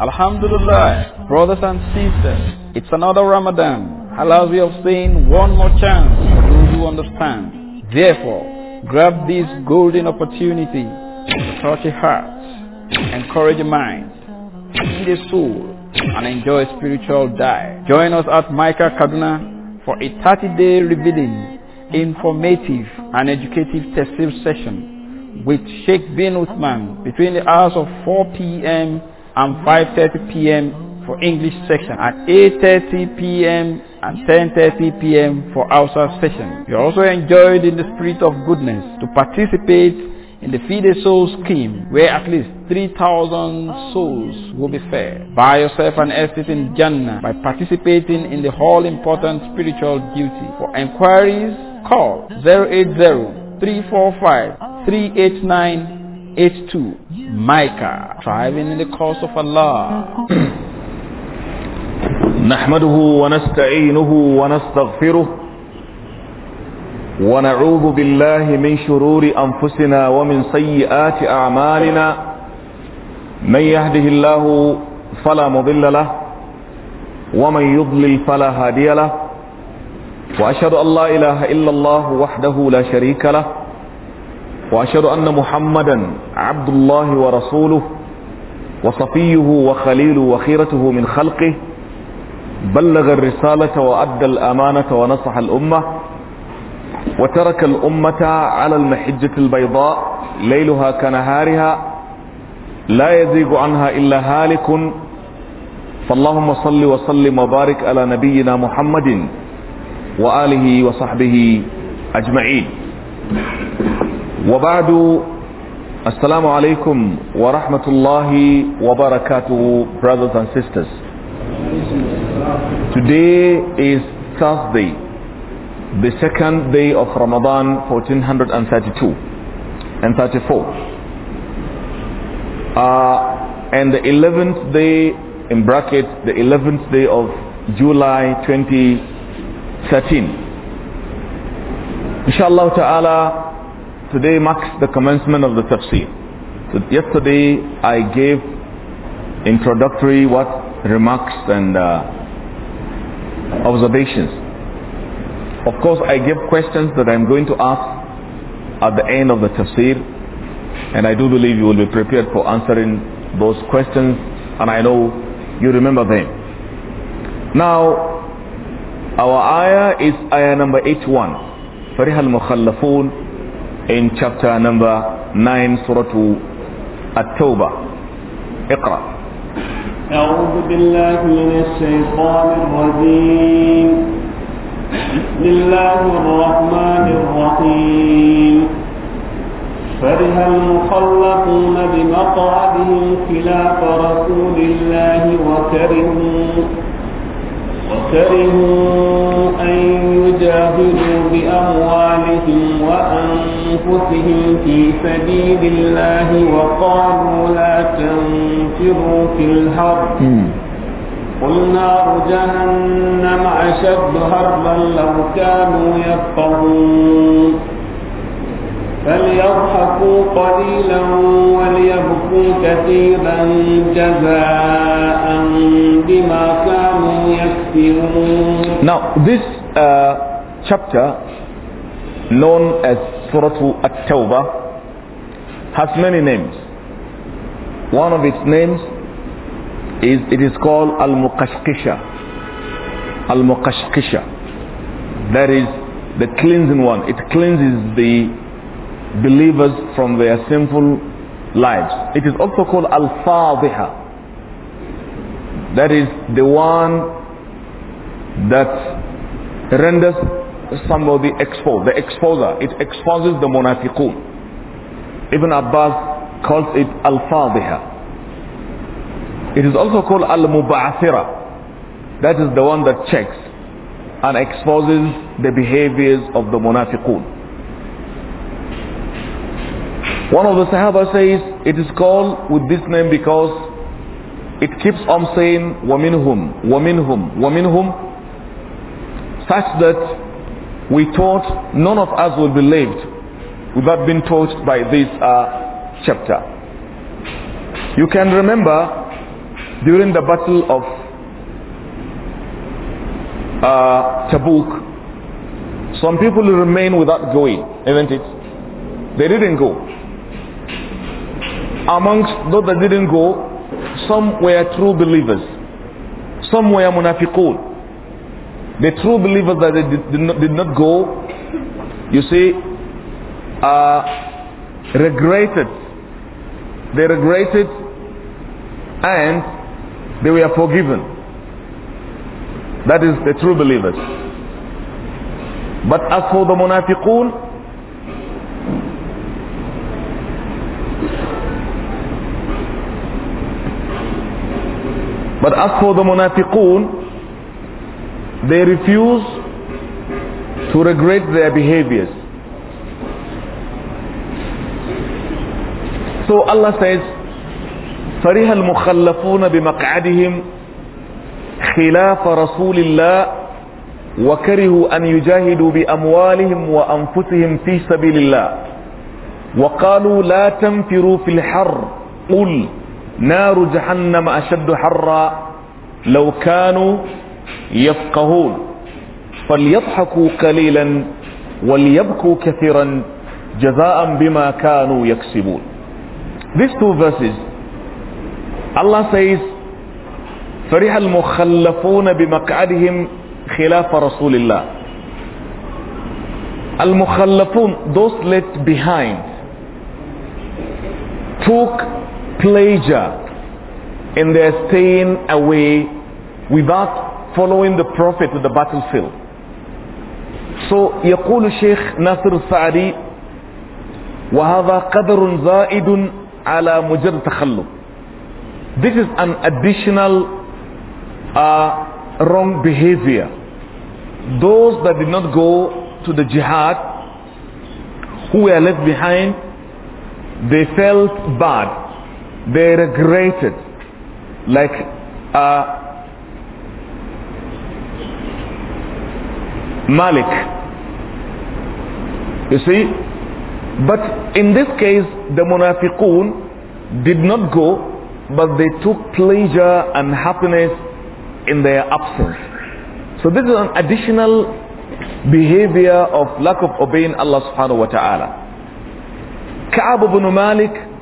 Alhamdulillah, brothers and sisters, it's another Ramadan. Allah we have seen one more chance for those who understand. Therefore, grab this golden opportunity to touch a heart, encourage a mind, feed a soul, and enjoy a spiritual diet. Join us at Micah Kaduna for a 30-day revealing, informative, and educative testing session with Sheikh bin Uthman between the hours of 4 p.m and 5.30 p.m. for English section, at 8.30 p.m. and 10.30 p.m. for Hausa section. You are also enjoyed in the spirit of goodness to participate in the Feed a Soul scheme where at least 3,000 souls will be fed. Buy yourself an estate in Jannah by participating in the all important spiritual duty. For enquiries, call 080 345 389 82 Micah striving in the cause of Allah نحمده ونستعينه ونستغفره ونعوذ بالله من شرور أنفسنا ومن سيئات أعمالنا من يهده الله فلا مضل له ومن يضلل فلا هادي له وأشهد أن لا إله إلا الله وحده لا شريك له وأشهد أن محمدا عبد الله ورسوله وصفيه وخليله وخيرته من خلقه بلغ الرسالة وأدى الأمانة ونصح الأمة وترك الأمة على المحجة البيضاء ليلها كنهارها لا يزيغ عنها إلا هالك فاللهم صل وسلم وبارك على نبينا محمد وآله وصحبه أجمعين Wabadu, Assalamu alaykum wa rahmatullahi wa barakatuh, brothers and sisters. Today is Thursday, the second day of Ramadan 1432 and 34. Uh, and the 11th day, in bracket, the 11th day of July 2013. Inshallah ta'ala, today marks the commencement of the tafsir. So yesterday I gave introductory what remarks and uh, observations. Of course, I give questions that I'm going to ask at the end of the tafsir, and I do believe you will be prepared for answering those questions, and I know you remember them. Now, our ayah is ayah number 81. فرح المخلفون in chapter number 9 Surah At-Tawbah اقرأ أعوذ بالله من الشيطان الرجيم بسم الله الرحمن الرحيم فرها المخلفون بمقعدهم خلاف رسول الله وكرهوا كرهوا أن يجاهدوا بأموالهم وأنفسهم في سبيل الله وقالوا لا تنفروا في الحرب قل نار جهنم أشد هربا لو كانوا يفقهون فليضحكوا قليلا وليبكوا كثيرا جزاء بما كانوا يكسبون Now this uh, chapter known as Surah At-Tawbah has many names. One of its names is it is called Al-Muqashqisha. Al-Muqashqisha. That is the cleansing one. It cleanses the believers from their sinful lives. It is also called Al-Fadhiha. That is the one that renders somebody exposed, the exposer. It exposes the munafiqun. Ibn Abbas calls it Al-Fadhiha. It is also called Al-Muba'athira. That is the one that checks and exposes the behaviors of the munafiqun. One of the Sahaba says, it is called with this name because it keeps on saying, وَمِنْهُمْ وَمِنْهُمْ وَمِنْهُمْ such that we thought none of us would be lived without being taught by this uh, chapter. You can remember during the battle of uh, Tabuk, some people remained without going, isn't it? They didn't go amongst those that didn't go, some were true believers. Some were munafiqun. The true believers that did, did, not, did not go, you see, uh, regretted. They regretted and they were forgiven. That is the true believers. But as for the munafiqun, But as for the munafiqoon, they refuse to regret their behaviors. So Allah says, فَرِهَا المخلفون بمقعدهم خلاف رسول الله وكرهوا أن يجاهدوا بأموالهم وأنفسهم في سبيل الله وقالوا لا تنفروا في الحر قل نار جهنم أشد حرا لو كانوا يفقهون فليضحكوا قليلا وليبكوا كثيرا جزاء بما كانوا يكسبون These two verses Allah says فرح المخلفون بمقعدهم خلاف رسول الله المخلفون those left behind took pleasure in their staying away without following the Prophet to the battlefield. So يقول الشيخ ناصر السعدي وهذا قدر زائد على مجرد تخلف This is an additional uh, wrong behavior. Those that did not go to the jihad, who were left behind, they felt bad they regretted like uh, Malik you see but in this case the munafiqun did not go but they took pleasure and happiness in their absence so this is an additional behavior of lack of obeying Allah subhanahu wa ta'ala Ka'ab ibn Malik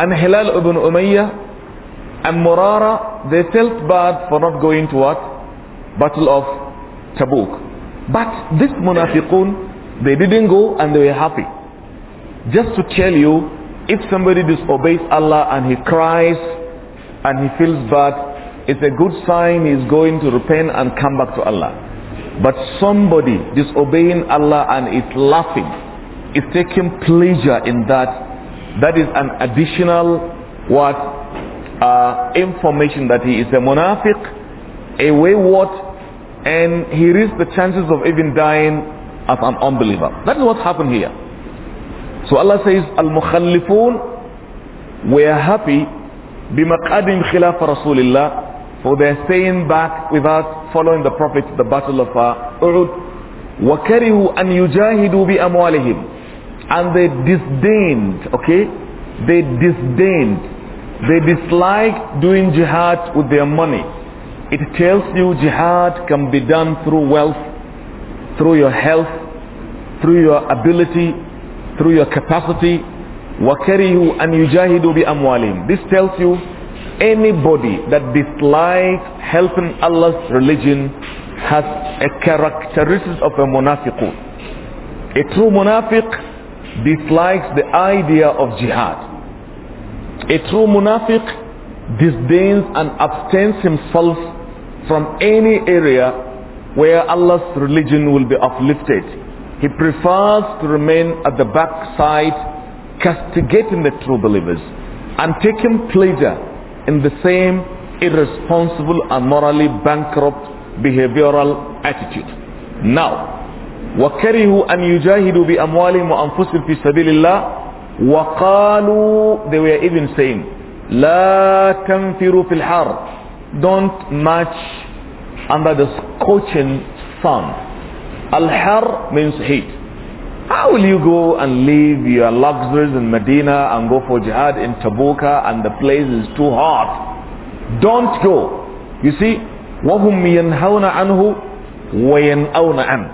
and Hilal ibn Umayyah and Murara, they felt bad for not going to what? Battle of Tabuk. But this munafiqun, they didn't go and they were happy. Just to tell you, if somebody disobeys Allah and he cries and he feels bad, it's a good sign he's going to repent and come back to Allah. But somebody disobeying Allah and is laughing, is taking pleasure in that, that is an additional what uh, information that he is a munafiq, a wayward, and he risks the chances of even dying as an unbeliever. That is what happened here. So Allah says, Al-Mukhallifun, we are happy bimaqadim خلاف Rasulillah, الله for their staying back without following the Prophet the battle of uh, Uhud. وَكَرِهُ أَنْ يُجَاهِدُوا بِأَمْوَالِهِمْ and they disdained, okay? They disdained. They disliked doing jihad with their money. It tells you jihad can be done through wealth, through your health, through your ability, through your capacity. وَكَرِهُ أَنْ يُجَاهِدُوا بِأَمْوَالِهِمْ This tells you anybody that dislikes helping Allah's religion has a characteristic of a munafiq. A true munafiq dislikes the idea of jihad. A true munafiq disdains and abstains himself from any area where Allah's religion will be uplifted. He prefers to remain at the backside, castigating the true believers and taking pleasure in the same irresponsible and morally bankrupt behavioral attitude. Now, وكرهوا أن يجاهدوا بأموالهم وأنفسهم في سبيل الله وقالوا they were even saying لا تنفروا في الحر don't march under the scorching sun الحر means heat how will you go and leave your luxuries in Medina and go for jihad in Tabuka and the place is too hot don't go you see وهم ينهون عنه وينأون عنه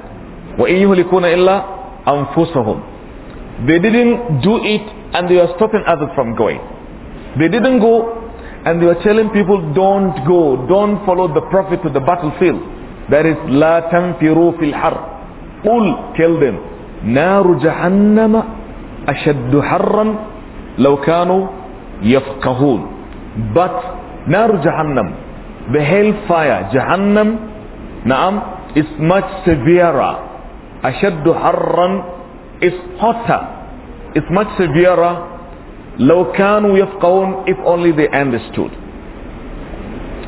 وَإِنْ يُهْلِكُونَ إِلَّا أَنفُسَهُمْ They didn't do it and they were stopping others from going. They didn't go and they were telling people don't go, don't follow the prophet to the battlefield. That is لا تنفروا في الحر. قل kill them. نار جهنم أشد حرا لو كانوا يفقهون. But نار جهنم the hellfire, Jahannam, Naam, is much severer ashaddu harran is hotter, is much severer. we have يفقهون if only they understood.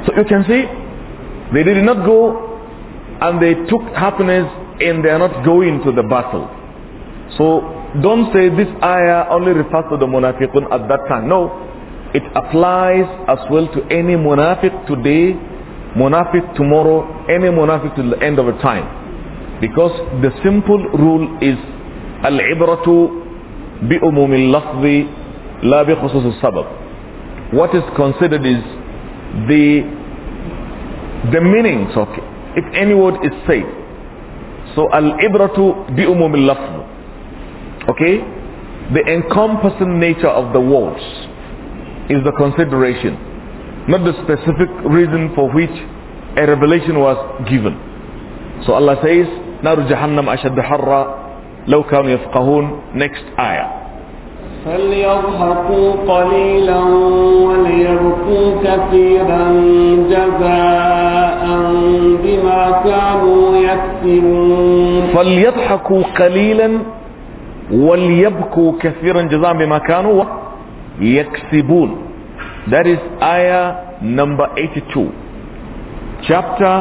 So you can see, they did not go and they took happiness in they are not going to the battle. So don't say this ayah only refers to the munafiqun at that time. No, it applies as well to any munafiq today, munafiq tomorrow, any munafiq till the end of the time because the simple rule is العبرة بأموم اللفظ لا بخصوص السبب what is considered is the the meanings of it. if any word is said so العبرة بأموم اللفظ okay the encompassing nature of the words is the consideration not the specific reason for which a revelation was given so Allah says نار جهنم أشد حرا لو كانوا يفقهون next آية فليضحكوا قليلا وليبكوا كثيرا جزاء بما كانوا يكسبون فليضحكوا قليلا وليبكوا كثيرا جزاء بما كانوا يكسبون that is ayah آية number 82 chapter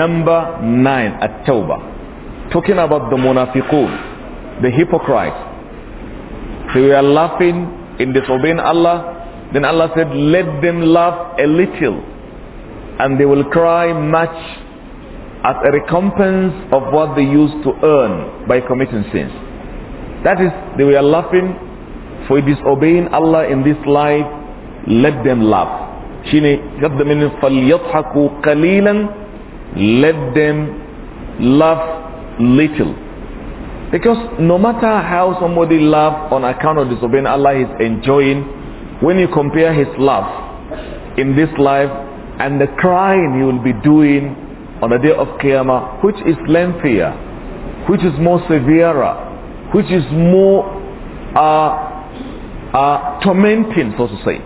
number 9 at-tawbah talking about the munafiqun, the hypocrites. They were laughing in disobeying Allah. Then Allah said, let them laugh a little and they will cry much as a recompense of what they used to earn by committing sins. That is, they were laughing for disobeying Allah in this life. Let them laugh. قَلِيلًا Let them laugh little. Because no matter how somebody laughs on account of disobeying Allah is enjoying, when you compare his laugh in this life and the crying he will be doing on the day of Qiyamah, which is lengthier, which is more severer, which is more uh, uh, tormenting, so to say.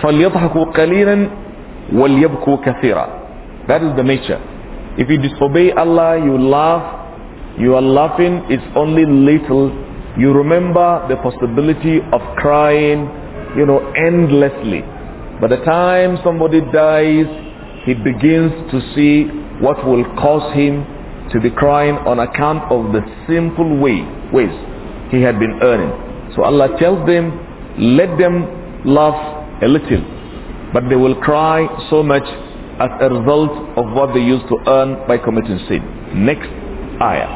فَلْيَضْحَكُوا قَلِيلًا وَلْيَبْكُوا كَثِيرًا That is the nature. If you disobey Allah, you laugh. You are laughing. It's only little. You remember the possibility of crying, you know, endlessly. By the time somebody dies, he begins to see what will cause him to be crying on account of the simple way, ways he had been earning. So Allah tells them, let them laugh a little, but they will cry so much as a result of what they used to earn by committing sin. Next ayah.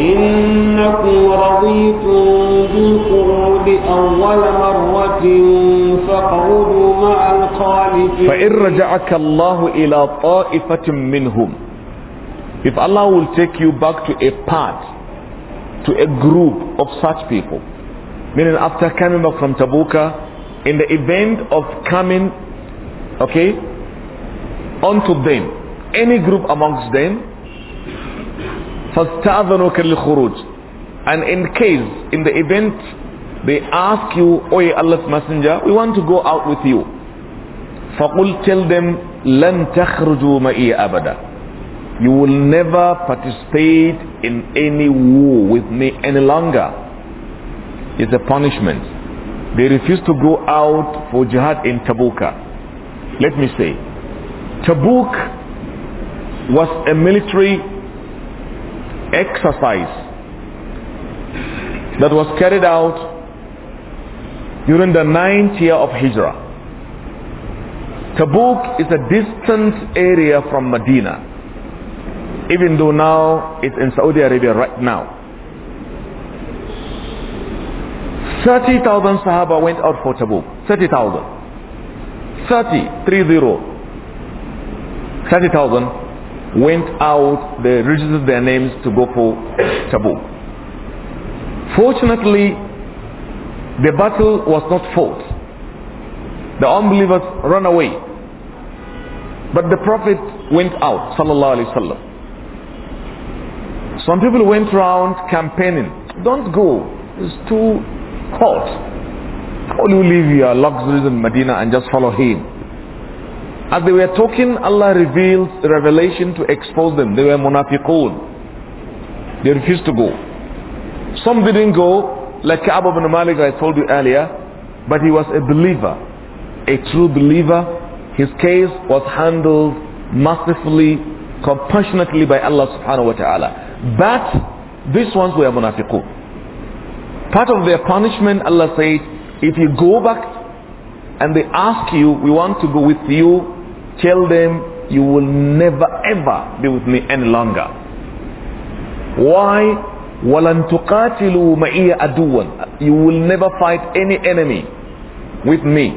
إنكم رضيتم بالقعود أول مرة فاقعدوا مع الخالفين فإن رجعك الله إلى طائفة منهم If Allah will take you back to a part, to a group of such people, meaning after coming back from Tabuka, in the event of coming, okay, onto them, any group amongst them, فَاسْتَأْذَنُكَ لِلْخُرُوجِ And in case, in the event, they ask you, O oh, Allah's Messenger, we want to go out with you. فَقُلْ Tell them, لَن تَخْرُجُوا مَئِي أَبَدًا You will never participate in any war with me any longer. It's a punishment. They refuse to go out for jihad in Tabukah. Let me say, Tabuk was a military exercise that was carried out during the ninth year of Hijrah. Tabuk is a distant area from Medina even though now it's in Saudi Arabia right now. 30,000 Sahaba went out for Tabuk. 30,000. 30, 30. 30,000 went out, they registered their names to go for Tabuk. Fortunately, the battle was not fought. The unbelievers ran away. But the Prophet went out, sallallahu alayhi wasallam. Some people went around campaigning. Don't go. It's too hot. How you leave your luxuries in Medina and just follow him? As they were talking, Allah revealed revelation to expose them. They were munafiqun. They refused to go. Some didn't go, like Ka'ab ibn Malik I told you earlier, but he was a believer, a true believer. His case was handled mercifully, compassionately by Allah subhanahu wa ta'ala. But these ones were munafiqun. Part of their punishment, Allah said, if you go back and they ask you, we want to go with you, Tell them, you will never ever be with me any longer. Why? Walantukatilu تُقَاتِلُوا مَعِيَ You will never fight any enemy with me.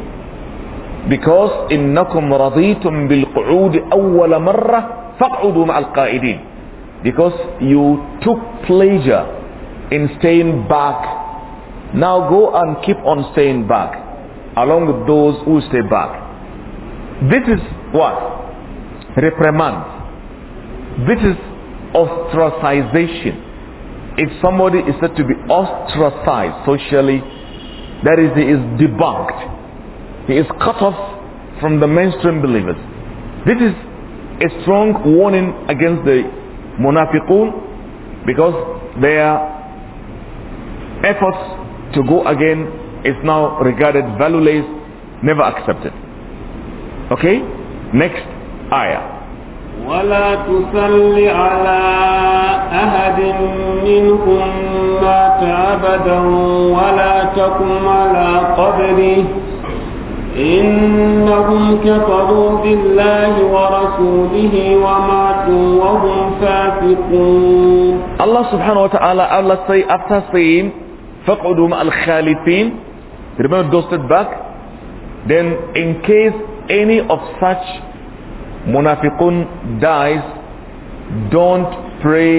Because إِنَّكُمْ رَضِيتُمْ بِالْقُعُودِ أَوَّلَ مَرَّةٍ فَقْعُدُوا مَعَ الْقَائِدِينَ Because you took pleasure in staying back. Now go and keep on staying back along with those who stay back. This is what? Reprimand. This is ostracization. If somebody is said to be ostracized socially, that is, he is debunked. He is cut off from the mainstream believers. This is a strong warning against the munafiqun because their efforts to go again is now regarded valueless, never accepted. Okay? next ayah ولا تصل على أحد منهم مات أبدا ولا تقم على قبره إنهم كفروا بالله ورسوله وماتوا وهم فاسقون الله سبحانه وتعالى Allah say after saying فقعدوا مع الخالفين remember those back then in case any of such munafiqun dies, don't pray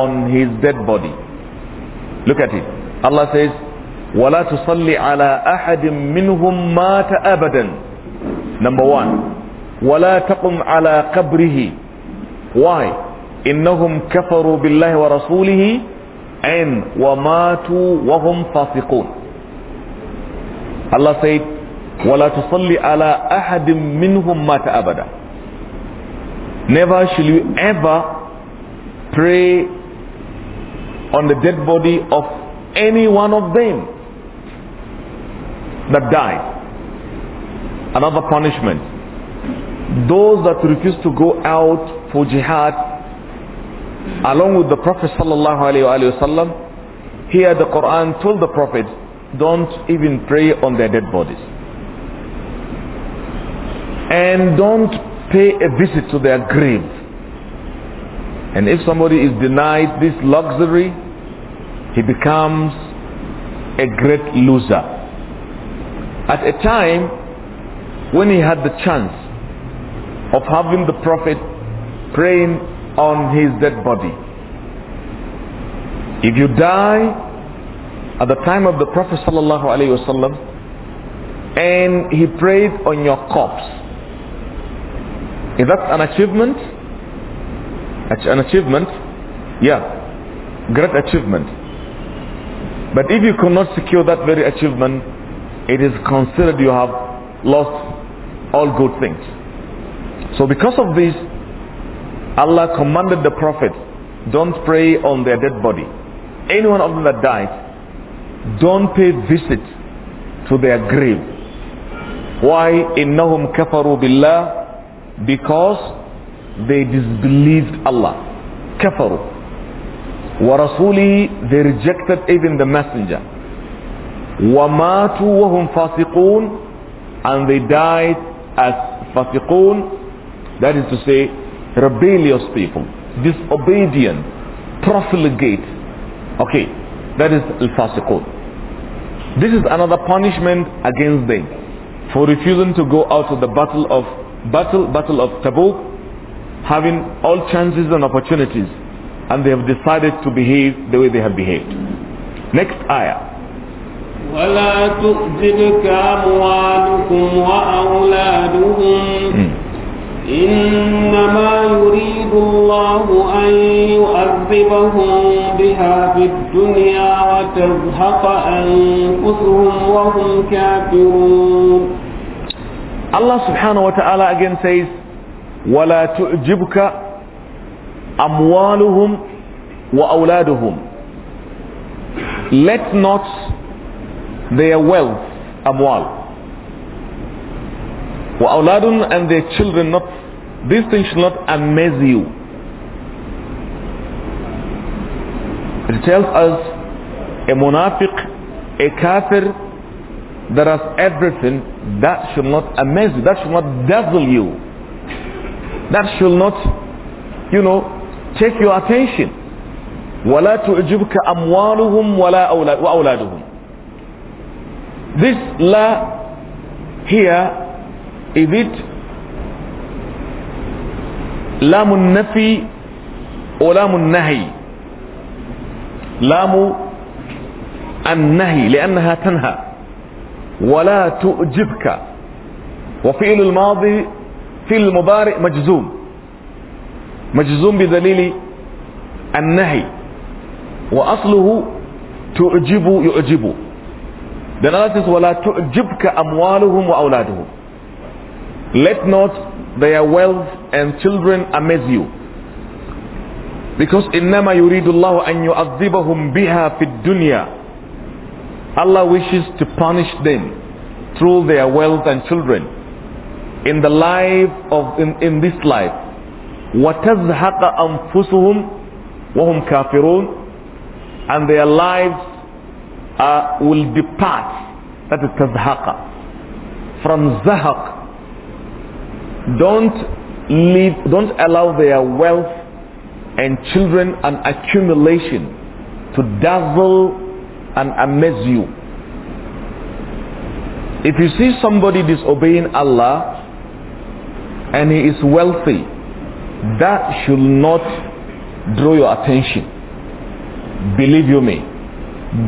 on his dead body. Look at it. Allah says, وَلَا تُصَلِّ عَلَىٰ أَحَدٍ مِّنْهُمْ مَاتَ أَبَدًا Number one, وَلَا تَقُمْ عَلَىٰ قَبْرِهِ Why? إنهم كفروا بالله ورسوله and وماتوا وهم فاسقون Allah said ولا تصلي على أحد منهم مات أبدا Never shall you ever pray on the dead body of any one of them that died. Another punishment. Those that refuse to go out for jihad along with the Prophet sallallahu alaihi wasallam, here the Quran told the Prophet, don't even pray on their dead bodies and don't pay a visit to their grave. And if somebody is denied this luxury, he becomes a great loser. At a time when he had the chance of having the Prophet praying on his dead body. If you die at the time of the Prophet ﷺ and he prayed on your corpse, is that an achievement? An achievement? Yeah. Great achievement. But if you cannot secure that very achievement, it is considered you have lost all good things. So because of this, Allah commanded the Prophet, don't pray on their dead body. Anyone of them that died, don't pay visit to their grave. Why? إِنَّهُمْ كَفَرُوا بِاللَّهِ because they disbelieved Allah كفروا ورسوله they rejected even the messenger وماتوا وهم فاسقون and they died as fasiqun that is to say rebellious people disobedient profligate okay that is this is another punishment against them for refusing to go out of the battle of battle, battle of Tabuk, having all chances and opportunities, and they have decided to behave the way they have behaved. Next ayah. ولا تؤذنك أموالكم وأولادهم hmm. إنما يريد الله أن يؤذبهم بها في الدنيا وتزهق أنفسهم وهم كافرون Allah subhanahu wa ta'ala again says, وَلَا تُعْجِبْكَ أَمْوَالُهُمْ وَأَوْلَادُهُمْ Let not their wealth, amwal, وَأَوْلَادٌ and their children not, these things should not amaze you. It tells us a munafiq, a kafir, that has everything, that should not amaze you, that should not dazzle you. That should not, you know, take your attention. This la here, is it لام النفي أو لام النهي لام النهي لأنها تنهى ولا تؤجبك وفعل الماضي في المضارع مجزوم مجزوم بدليل النهي وأصله تعجب يعجب دلالة ولا تعجبك أموالهم وأولادهم let not their wealth and children amaze you because إنما يريد الله أن يعذبهم بها في الدنيا Allah wishes to punish them through their wealth and children in the life of in, in this life وَتَزْهَقَ أَنفُسُهُمْ وَهُمْ كَافِرُونَ and their lives uh, will depart that is تَزْهَقَ from zahaq don't leave don't allow their wealth and children and accumulation to dazzle and amaze you. If you see somebody disobeying Allah and he is wealthy, that should not draw your attention. Believe you me,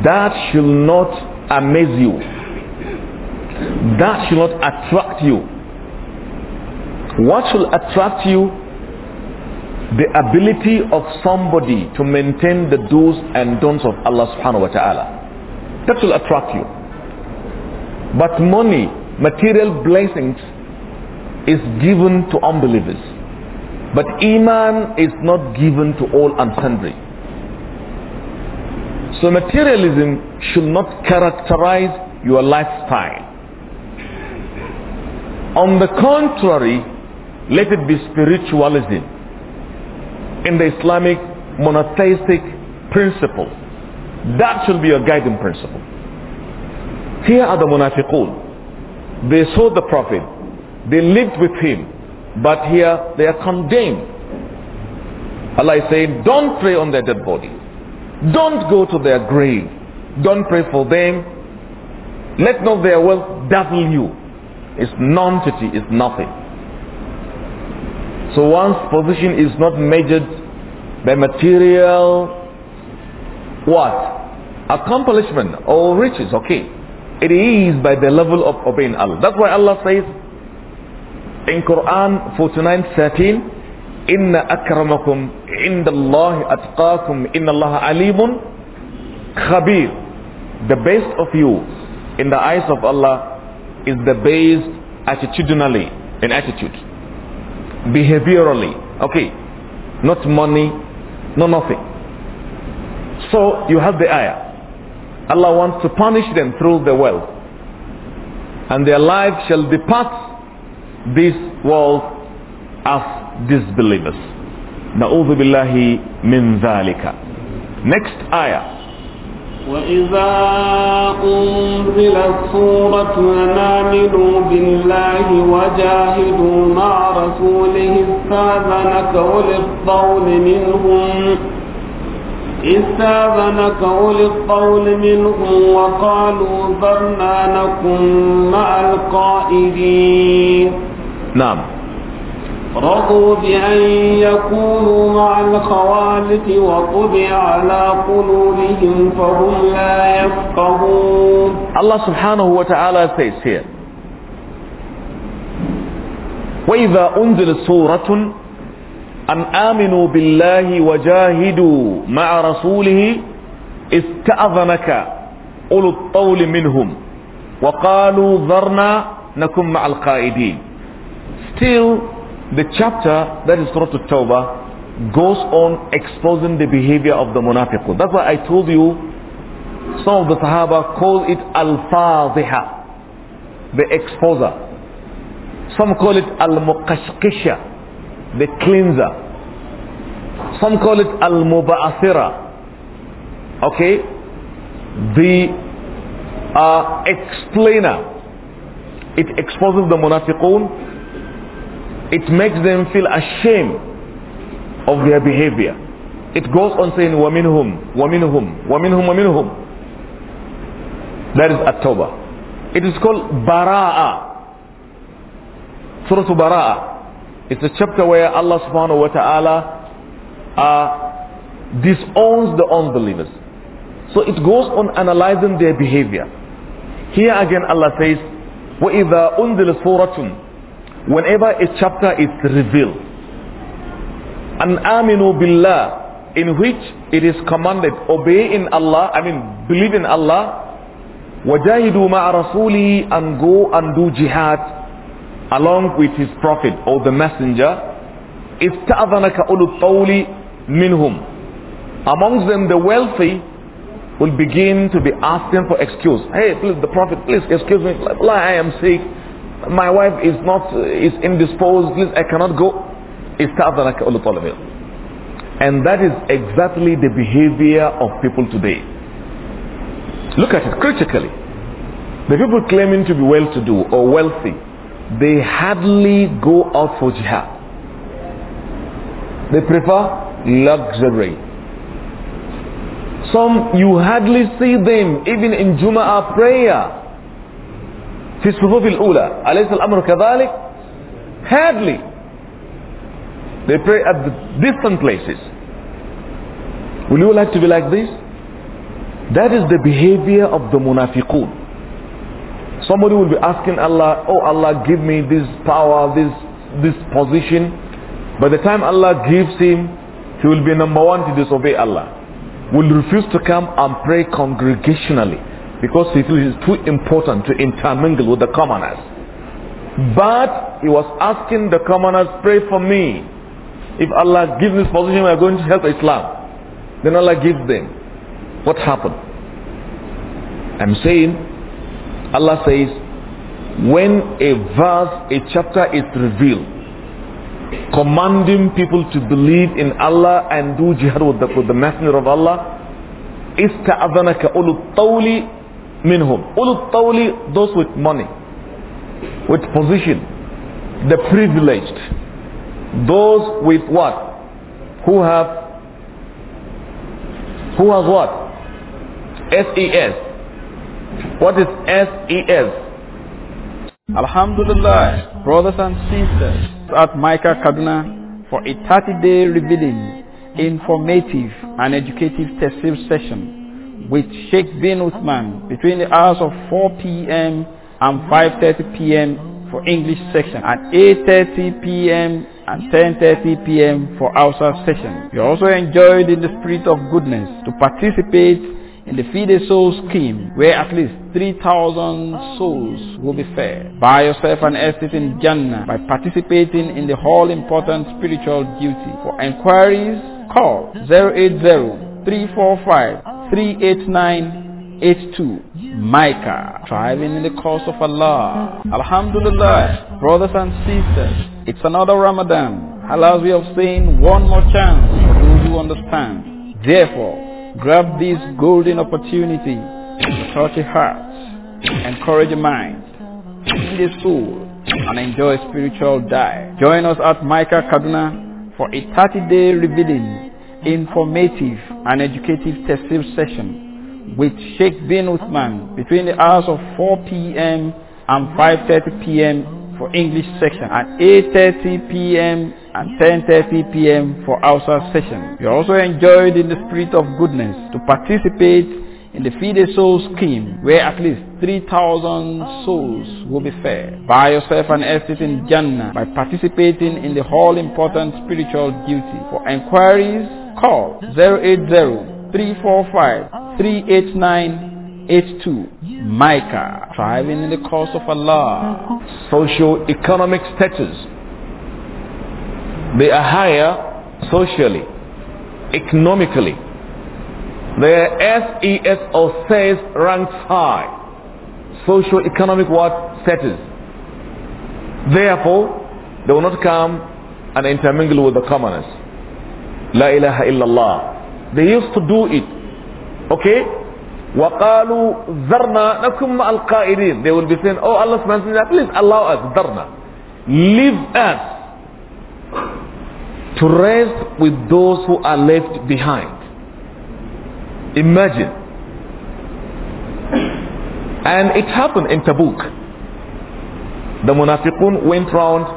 that should not amaze you. That should not attract you. What should attract you the ability of somebody to maintain the do's and don'ts of Allah subhanahu wa ta'ala. That will attract you. But money, material blessings is given to unbelievers. But Iman is not given to all and sundry. So materialism should not characterize your lifestyle. On the contrary, let it be spiritualism in the Islamic monotheistic principle. That should be your guiding principle. Here are the munafiqun. They saw the Prophet. They lived with him. But here they are condemned. Allah is saying, don't pray on their dead body. Don't go to their grave. Don't pray for them. Let not their wealth dazzle you. It's nonentity. It's nothing. So one's position is not measured by material what? Accomplishment or riches, okay. It is by the level of obeying Allah. That's why Allah says in Quran 49:13, "Inna أكرمكم عند الله أتقاكم إن الله عليم خبير The best of you in the eyes of Allah is the best attitudinally in attitude behaviorally. Okay. Not money, no nothing. So you have the ayah. Allah wants to punish them through the wealth. And their life shall depart this world as disbelievers. Na'udhu billahi min dhalika. Next ayah. وإذا أنزلت سورة أن آمنوا بالله وجاهدوا مع رسوله استاذنك أولي الطول منهم استاذنك أولي الطول منهم وقالوا ذرنا نكن مع القائدين نعم رضوا بأن يكونوا مع الخوالف وطبع على قلوبهم فهم لا يفقهون الله سبحانه وتعالى says here وإذا أنزلت سورة أن آمنوا بالله وجاهدوا مع رسوله استأذنك أولو الطول منهم وقالوا ذرنا نكن مع القائدين Still The chapter that is Surah tawbah goes on exposing the behavior of the munafiqun. That's why I told you some of the Sahaba call it al fadiha the exposer. Some call it Al-Muqashqisha, the cleanser. Some call it Al-Muba'athira, okay, the uh, explainer. It exposes the munafiqun it makes them feel ashamed of their behavior. It goes on saying, وَمِنْهُمْ وَمِنْهُمْ وَمِنْهُمْ وَمِنْهُمْ That is At-Tawbah. It is called Bara'a. Surah Bara'a. It's a chapter where Allah subhanahu wa ta'ala uh, disowns the unbelievers. So it goes on analyzing their behavior. Here again Allah says, وَإِذَا أُنزِلَ سُورَةٌ whenever a chapter is revealed an aminu billah in which it is commanded obey in Allah I mean believe in Allah wajahidu ma'a rasuli and go and do jihad along with his prophet or the messenger ista'adhanaka ulul tawli minhum amongst them the wealthy will begin to be asking for excuse hey please the prophet please excuse me like I am sick my wife is not is indisposed please I cannot go استأذنك أولو طلب and that is exactly the behavior of people today look at it critically the people claiming to be well to do or wealthy they hardly go out for jihad they prefer luxury some you hardly see them even in Jumu'ah prayer في الصفوف الأولى أليس الأمر كذلك hardly they pray at the places will you like to be like this that is the behavior of the munafiqun somebody will be asking Allah oh Allah give me this power this this position by the time Allah gives him he will be number one to disobey Allah will refuse to come and pray congregationally because Sicilius is too important to intermingle with the commoners. But he was asking the commoners, pray for me. If Allah gives this position, we are going to help Islam. Then Allah gives them. What happened? I'm saying, Allah says, when a verse, a chapter is revealed, commanding people to believe in Allah and do jihad with the, with the messenger of Allah, استأذنك أولو minhum. Ulul tawli, those with money, with position, the privileged. Those with what? Who have, who has what? S-E-S. What is S-E-S? Alhamdulillah, brothers and sisters, at Micah Kaduna for a 30-day revealing, informative and educative testing session with Sheikh bin Uthman between the hours of 4 p.m. and 5.30 p.m. for English section and 8.30 p.m. and 10.30 p.m. for Hausa session. You're also enjoyed in the spirit of goodness to participate in the Feed a Soul scheme where at least 3,000 souls will be fed. Buy yourself an estate in Jannah by participating in the all important spiritual duty. For inquiries, call 080 345 82 Micah. thriving in the cause of Allah. Alhamdulillah. Brothers and sisters. It's another Ramadan. Allah's we have seen one more chance for those who understand. Therefore, grab this golden opportunity to touch a heart, encourage a mind, feed a soul, and enjoy a spiritual diet. Join us at Micah Kaduna for a 30-day revealing informative and educative session with Sheikh bin Uthman between the hours of 4 p.m. and 5.30 p.m. for English section and 8.30 p.m. and 10.30 p.m. for Hausa session. You are also enjoyed in the spirit of goodness to participate in the Feed a Soul scheme where at least 3,000 souls will be fed. Buy yourself an estate in Jannah by participating in the all important spiritual duty. For inquiries. Call 080-345-38982. Micah, thriving in the cause of Allah. Socio-economic status. They are higher socially, economically. Their SES or SES ranks high. Socio-economic what? Status. Therefore, they will not come and intermingle with the commoners. La ilaha illallah. They used to do it. Okay? وَقَالُوا ذَرْنَا نَكُمْ الْقَائِدِينَ They will be saying, Oh Allah's Messenger, please allow us, ذَرْنَا, Leave us to rest with those who are left behind. Imagine. And it happened in Tabuk. The Munafiqun went round.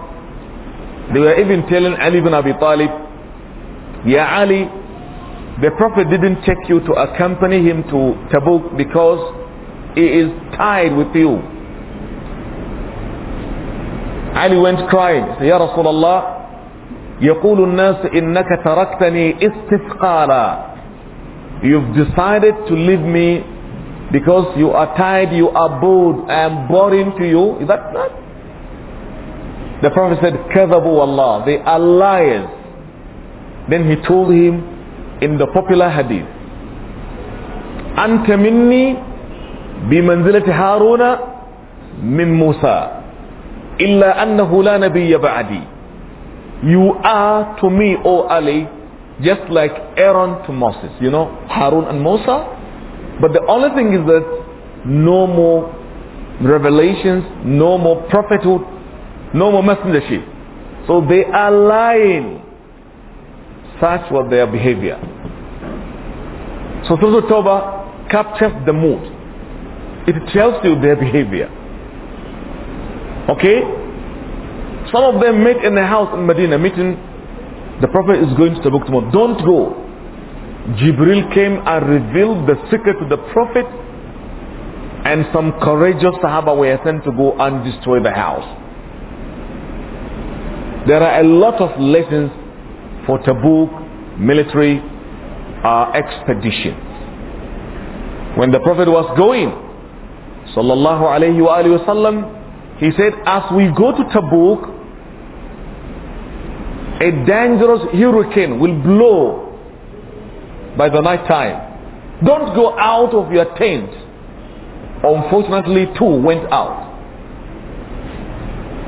They were even telling Ali ibn Abi Talib, Ya Ali, the Prophet didn't take you to accompany him to Tabuk because he is tied with you. Ali went crying, Ya Rasulullah, يقول الناس إنك تركتني استثقالا You've decided to leave me because you are tired, you are bored, I am boring to you. Is that not? The Prophet said, كذبوا Allah. They are liars. Then he told him in the popular hadith, أنت مني بمنزلة هارون من موسى إلا أنه لا نبي بعدي You are to me, O Ali, just like Aaron to Moses. You know, Harun and Musa. But the only thing is that no more revelations, no more prophethood, no more messengership. So they are lying. Such was their behavior. So Surah Tawbah captures the mood. It tells you their behavior. Okay? Some of them met in the house in Medina, meeting the Prophet is going to Tabuk tomorrow. Don't go. Jibril came and revealed the secret to the Prophet and some courageous Sahaba were sent to go and destroy the house. There are a lot of lessons for Tabuk military uh, expeditions. When the Prophet was going, sallallahu alayhi wa wasallam, he said, as we go to Tabuk, a dangerous hurricane will blow by the night time. Don't go out of your tent. Unfortunately, two went out.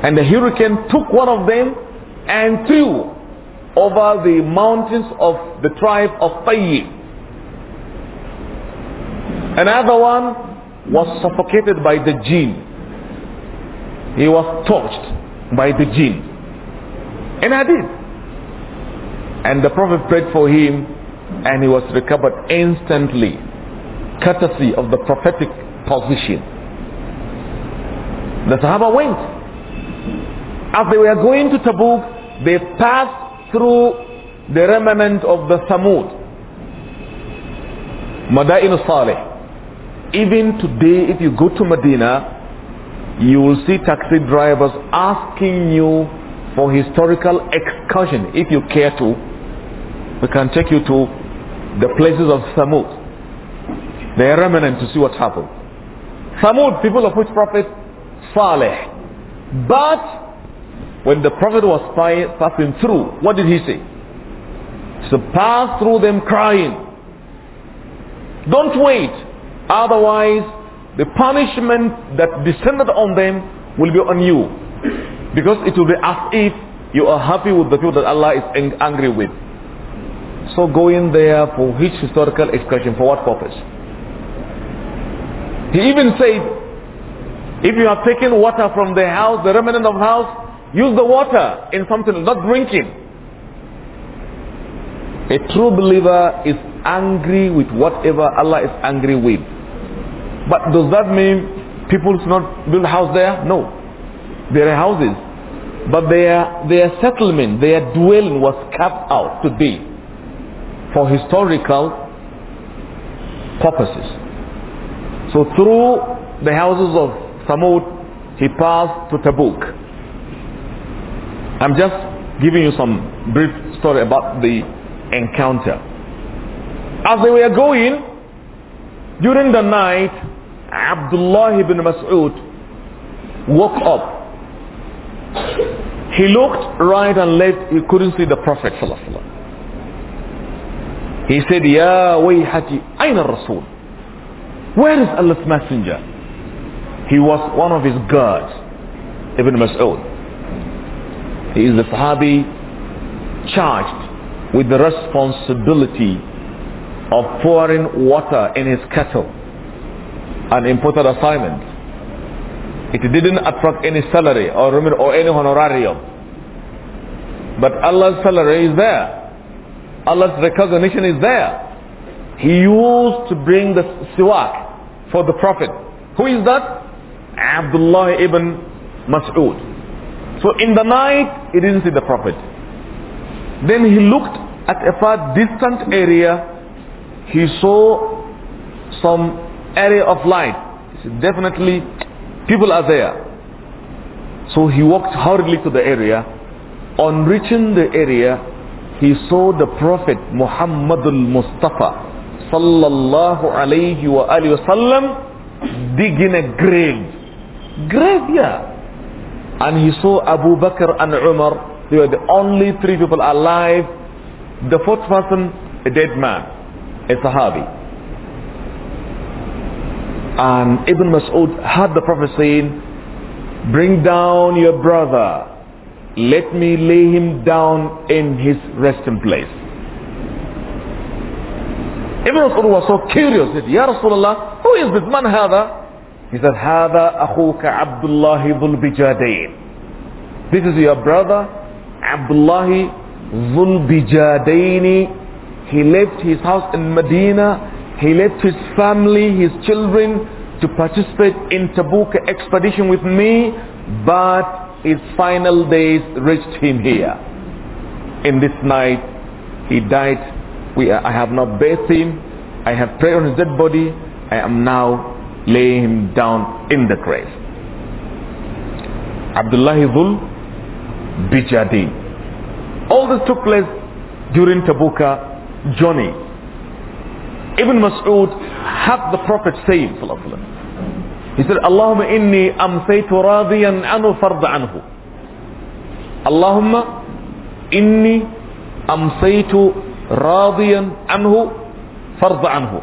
And the hurricane took one of them and threw over the mountains of the tribe of Tayyib. Another one was suffocated by the jinn. He was torched by the jinn. And I did. And the Prophet prayed for him and he was recovered instantly, courtesy of the prophetic position. The Sahaba went. As they were going to Tabuk, they passed through the remnant of the Thamud. Madinah Saleh. Even today, if you go to Medina, you will see taxi drivers asking you for historical excursion. If you care to, we can take you to the places of Thamud. The remnant to see what happened. Thamud, people of which prophet? Saleh. But when the Prophet was passing through, what did he say? So pass through them crying. Don't wait. Otherwise, the punishment that descended on them will be on you. Because it will be as if you are happy with the people that Allah is angry with. So go in there for which historical excursion? For what purpose? He even said, if you have taken water from the house, the remnant of the house, Use the water in something, not drinking. A true believer is angry with whatever Allah is angry with. But does that mean people's not build house there? No. There are houses. But their, their settlement, their dwelling was carved out to be for historical purposes. So through the houses of Samud, he passed to Tabuk. I'm just giving you some brief story about the encounter. As they were going, during the night, Abdullah ibn Mas'ud woke up. He looked right and left, he couldn't see the Prophet He said, Ya wayhati, ayna Rasul? Where is Allah's messenger? He was one of his guards, Ibn Mas'ud. He is the Sahabi charged with the responsibility of pouring water in his kettle. An important assignment. It didn't attract any salary or, or any honorarium. But Allah's salary is there. Allah's recognition is there. He used to bring the siwak for the Prophet. Who is that? Abdullah ibn Mas'ud. So in the night, he didn't see the Prophet. Then he looked at a far distant area. He saw some area of light. He said, definitely people are there. So he walked hurriedly to the area. On reaching the area, he saw the Prophet Muhammadul Mustafa sallallahu alayhi wa alayhi wasallam digging a grave. Grave, yeah. And he saw Abu Bakr and Umar. They were the only three people alive. The fourth person, a dead man, a Sahabi. And Ibn Mas'ud heard the prophet saying, bring down your brother. Let me lay him down in his resting place. Ibn Mas'ud was so curious. He said, Ya Rasulullah, who is this man hada? He said, هَذَا أَخُوكَ عَبْدُ اللَّهِ ذُو الْبِجَادَيْنِ This is your brother, Abdullah Zul الْبِجَادَيْنِ He left his house in Medina. He left his family, his children to participate in Tabuk expedition with me. But his final days reached him here. In this night, he died. We, I have not bathed him. I have prayed on his dead body. I am now lay him down in the grave. Abdullah Dhul Bijadi. All this took place during Tabuka journey. Ibn Mas'ud had the Prophet saying, he said, Allahumma inni amsaytu radiyan anu farda anhu. Allahumma inni amsaytu radiyan anhu farda anhu.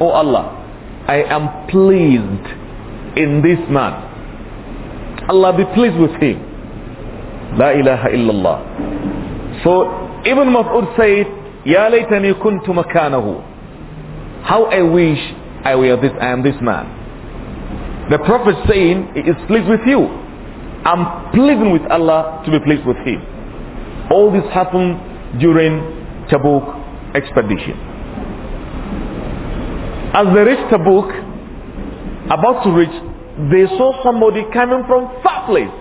O Allah, I am pleased in this man. Allah be pleased with him. La ilaha illallah. So Ibn Mas'ud said, Ya laytani kuntu makanahu. How I wish I were this, I am this man. The Prophet saying, he is pleased with you. I'm pleased with Allah to be pleased with him. All this happened during Tabuk expedition. As they reached book, about to reach, they saw somebody coming from far place.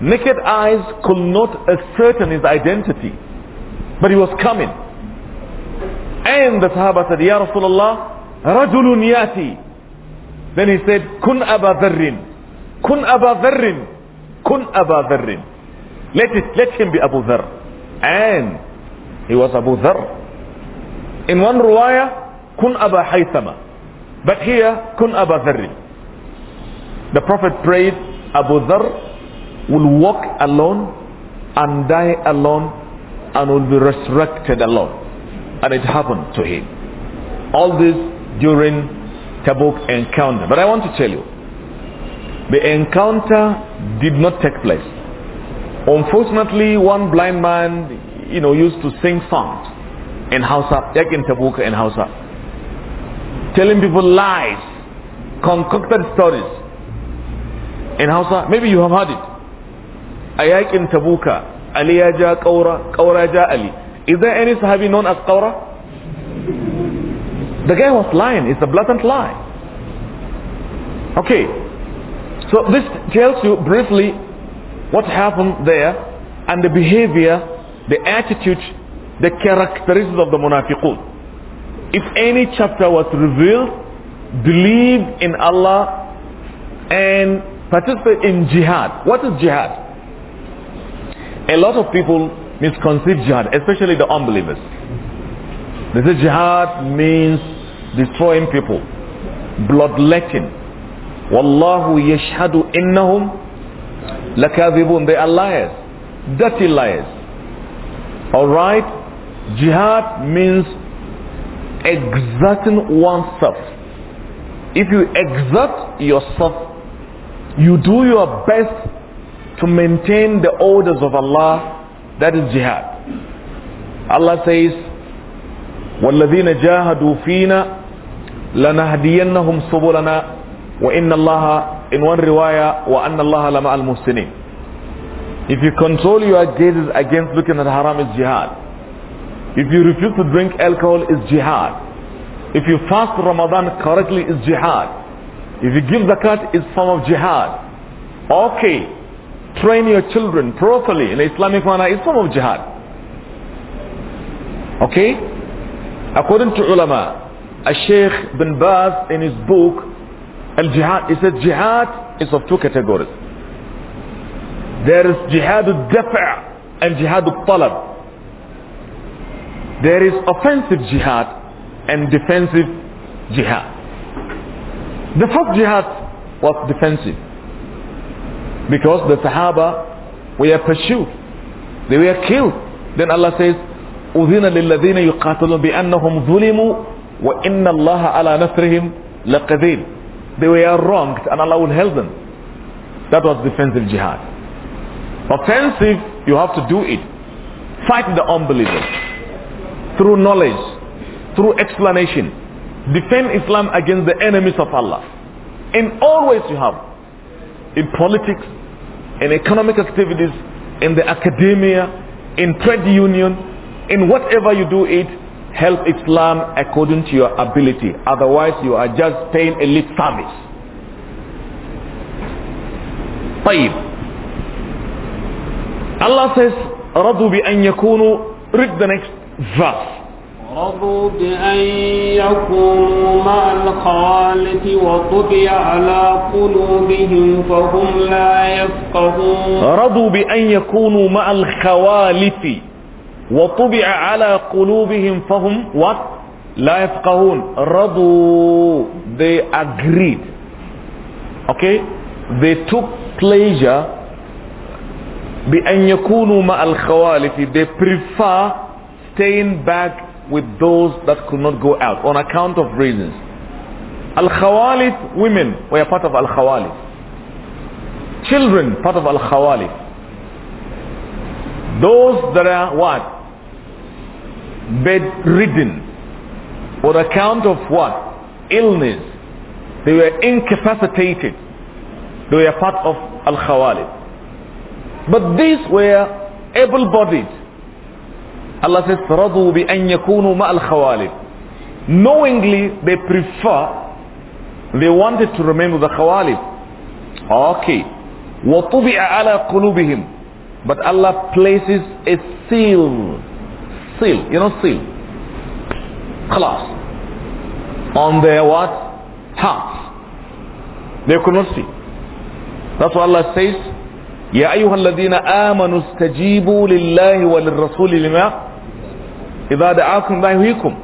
Naked eyes could not ascertain his identity, but he was coming. And the Sahaba said, Ya Rasulullah, Rajulun Yati. Then he said, Kun Aba Dharrin. Kun Aba Dharrin. Kun Aba Dharrin. Let, it, let him be Abu Dhar. And he was Abu Dhar. In one ruwayah, kun aba haythama but here kun aba dharri the prophet prayed abu dhar will walk alone and die alone and will be resurrected alone and it happened to him all this during tabuk encounter but i want to tell you the encounter did not take place unfortunately one blind man you know used to sing songs in up yak in tabuk in up telling people lies, concocted stories. In Hausa, maybe you have heard it. Ayak in Tabuka, Ali ya Kaura, Kaura ja Ali. Is there any Sahabi known as Kaura? The guy was lying. It's a blatant lie. Okay. So this tells you briefly what happened there and the behavior, the attitude, the characteristics of the munafiqun if any chapter was revealed, believe in Allah and participate in jihad. What is jihad? A lot of people misconceive jihad, especially the unbelievers. They say jihad means destroying people, bloodletting. Wallahu yashhadu innahum lakadhibun. They are liars, dirty liars. Alright? Jihad means exerting oneself. If you exert yourself, you do your best to maintain the orders of Allah, that is jihad. Allah says, وَالَّذِينَ جَاهَدُوا فِينا لَنَهْدِيَنَّهُمْ صُبُلَنَا وَإِنَّ اللَّهَ in one riwayah وَأَنَّ اللَّهَ لَمَعَ الْمُحْسِنِينَ If you control your gazes against looking at haram is jihad. If you refuse to drink alcohol, it's jihad. If you fast Ramadan correctly, it's jihad. If you give zakat, it's form of jihad. Okay, train your children properly in Islamic manner, it's form of jihad. Okay? According to ulama, a Sheikh bin Baz in his book, Al-Jihad, he said jihad is of two categories. There is jihad al-dafa' and jihad al-talab. There is offensive jihad and defensive jihad. The first jihad was defensive because the Sahaba were pursued. They were killed. Then Allah says, أذن للذين يقاتلون بأنهم ظلموا وإن الله على نصرهم لقدير They were wronged and Allah will help them. That was defensive jihad. Offensive, you have to do it. Fight the unbelievers through knowledge, through explanation. Defend Islam against the enemies of Allah. In all ways you have. In politics, in economic activities, in the academia, in trade union, in whatever you do it, help Islam according to your ability. Otherwise you are just paying a lip service. طيب Allah says رضوا بأن يكونوا read the next فا رضوا بأن يكونوا مع الخالق وطبع على قلوبهم فهم لا يفقهون رضوا بأن يكونوا مع الخوالف وطبع على قلوبهم فهم what? لا يفقهون رضوا they agreed okay they took pleasure بأن يكونوا مع الخوالف they prefer staying back with those that could not go out on account of reasons. Al-Khawalit women were part of Al-Khawalit. Children part of Al-Khawalit. Those that are what? Bedridden. On account of what? Illness. They were incapacitated. They were part of Al-Khawalit. But these were able-bodied Allah says, رَضُوا بِأَنْ يَكُونُوا مَعَ الْخَوَالِدِ Knowingly, they prefer, they wanted to remain with the Khawalid. Okay. وَطُبِعَ عَلَى قُلُوبِهِمْ But Allah places a seal. Seal, you know seal. khalas On their what? Hearts. They could not see. That's what Allah says. يا أيها الذين آمنوا استجيبوا لله وللرسول لما إذا دعاكم لا يهيكم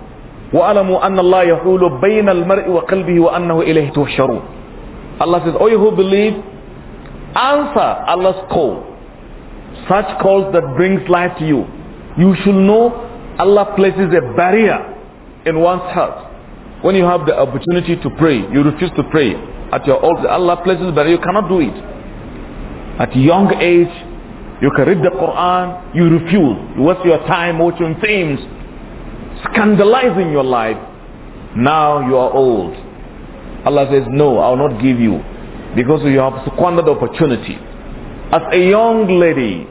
وألموا أن الله يحول بين المرء وقلبه وأنه إليه تحشرون Allah says, O oh, you who believe, answer Allah's call. Such calls that brings life to you. You should know Allah places a barrier in one's heart. When you have the opportunity to pray, you refuse to pray. At your old Allah places a barrier, you cannot do it. At young age, you can read the Quran, you refuse. You waste your time watching films scandalizing your life. Now you are old. Allah says, no, I will not give you because you have squandered the opportunity. As a young lady,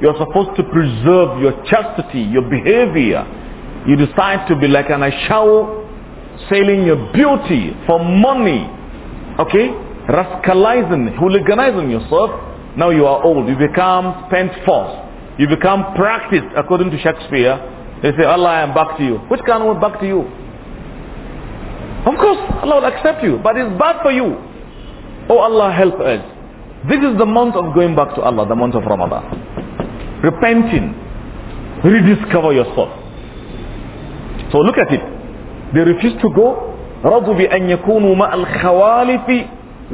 you're supposed to preserve your chastity, your behavior. You decide to be like an ashau, selling your beauty for money. Okay? Rascalizing, hooliganizing yourself. Now you are old. You become spent force. You become practiced, according to Shakespeare, they say, Allah, I am back to you. Which of went back to you? Of course, Allah will accept you, but it's bad for you. Oh Allah, help us. This is the month of going back to Allah, the month of Ramadan. Repenting. Rediscover yourself. So look at it. They refused to go. رضوا بأن يكونوا الخوالف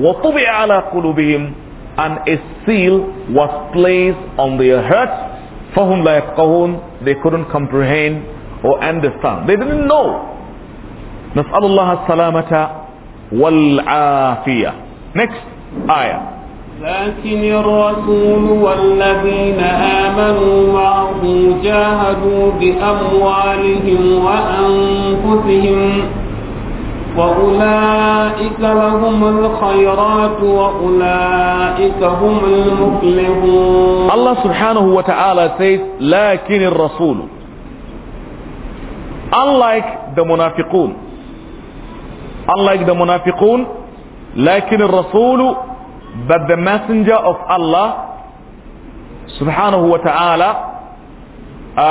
وطبع على قلوبهم and a seal was placed on their hearts فهم لا يفقهون they couldn't comprehend or understand they didn't know نسأل الله السلامة والعافية next آية لكن الرسول والذين آمنوا معه جاهدوا بأموالهم وأنفسهم وأولئك لهم الخيرات وأولئك هم المفلحون الله سبحانه وتعالى says لكن الرسول unlike the منافقون unlike the منافقون لكن الرسول but the messenger of Allah subhanahu wa ta'ala uh,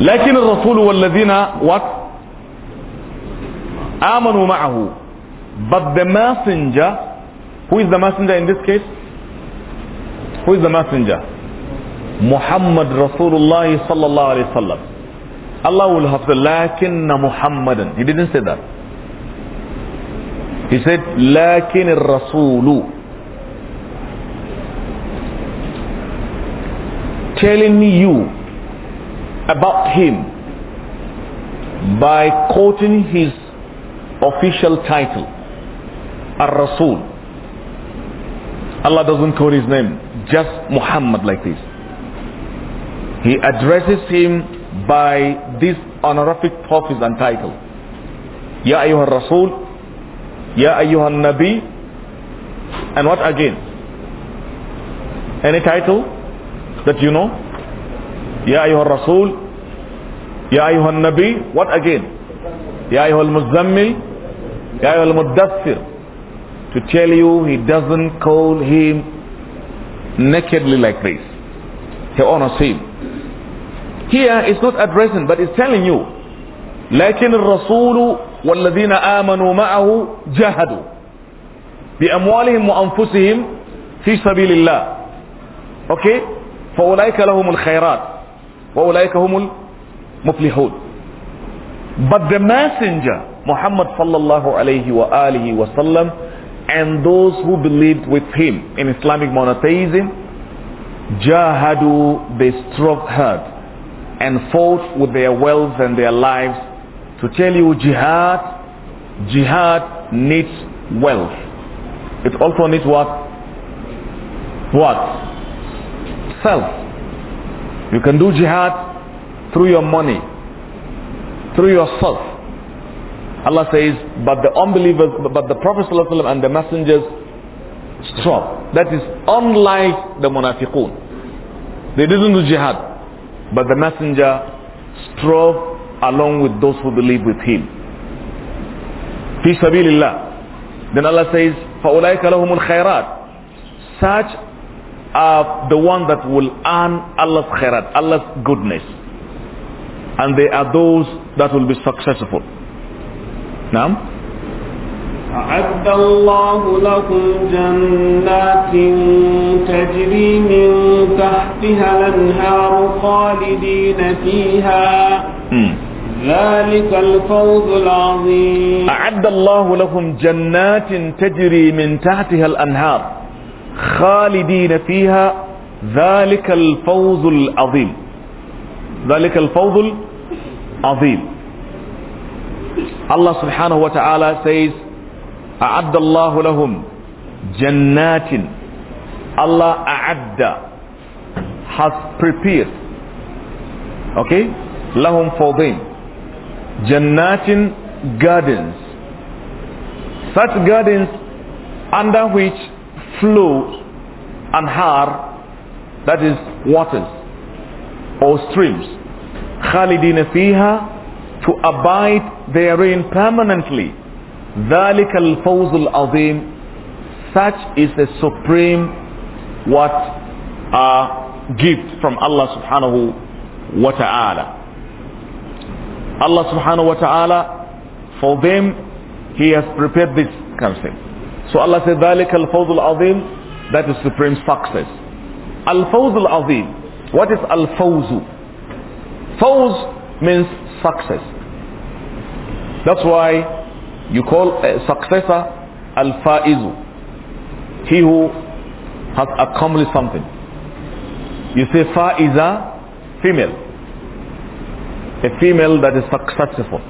لكن الرسول والذين what آمنوا معه but the messenger who is the messenger in this case who is the messenger Muhammad صلى الله عليه وسلم Allah will have said لكن محمدا he didn't say that he said لكن الرسول telling you about him by quoting his official title, Ar-Rasul. Allah doesn't call his name, just Muhammad like this. He addresses him by this honorific office and title. Ya ayyuha Rasul, Ya ayyuha Nabi, and what again? Any title that you know? يا أيها الرسول يا أيها النبي what again يا أيها المزمل يا أيها المدثر to tell you he doesn't call him nakedly like this he honors him here it's not addressing but it's telling you لكن الرسول والذين آمنوا معه جاهدوا بأموالهم وأنفسهم في سبيل الله okay فأولئك لهم الخيرات وَأُولَٰئِكَ هُمُ الْمُفْلِحُونَ But the messenger, Muhammad sallallahu alayhi wa alihi wa sallam, and those who believed with him in Islamic monotheism, jahadu, they struck hard and fought with their wealth and their lives to tell you jihad, jihad needs wealth. It also needs what? What? Self. You can do jihad through your money, through yourself. Allah says, but the unbelievers, but the Prophet ﷺ and the messengers stop. That is unlike the munafiqun. They didn't do jihad, but the messenger strove along with those who believe with him. Fi sabilillah. Then Allah says, فَأُولَٰئِكَ لَهُمُ الْخَيْرَاتِ Such are the ones that will earn Allah's khairat, Allah's goodness. And they are those that will be successful. Now, أعد الله لكم جنات تجري من تحتها الأنهار خالدين فيها hmm. ذلك الفوز العظيم أعد الله لكم جنات تجري من تحتها الأنهار خالدين فيها ذلك الفوز العظيم ذلك الفوز العظيم Allah subhanahu wa ta'ala says, A'adda Allahu lahum jannatin. Allah a'adda has prepared. Okay? Lahum for Jannatin gardens. Such gardens under which Flow and har, that is waters or streams. Khalidina fiha, to abide therein permanently. ذَلِكَ الْفَوْزُ الْعَظِيمُ Such is the supreme what uh, gift from Allah subhanahu wa ta'ala. Allah subhanahu wa ta'ala, for them, He has prepared this country. So Allah said, ذَلِكَ الْفَوْضُ الْعَظِيمُ That is supreme success. Al-Fawz What is Al-Fawzu? Fawz means success. That's why you call a successor Al-Faizu. He who has accomplished something. You say Faiza, female. A female that is successful.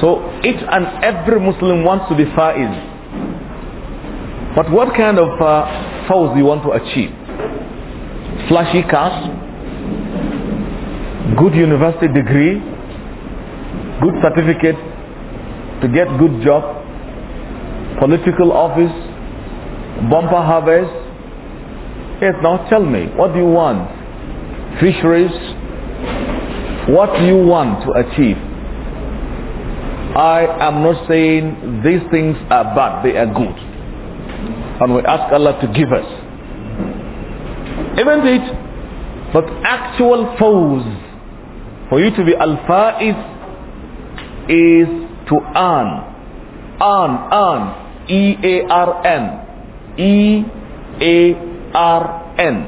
So each and every Muslim wants to be Faiz. But what kind of uh, fouls do you want to achieve? Flashy cars? Good university degree? Good certificate? To get good job? Political office? Bumper harvest? Yes, now tell me, what do you want? Fisheries? What do you want to achieve? I am not saying these things are bad, they are good and we ask Allah to give us. Even it, but actual foes for you to be al-faiz is to earn, earn, earn, E-A-R-N, E-A-R-N,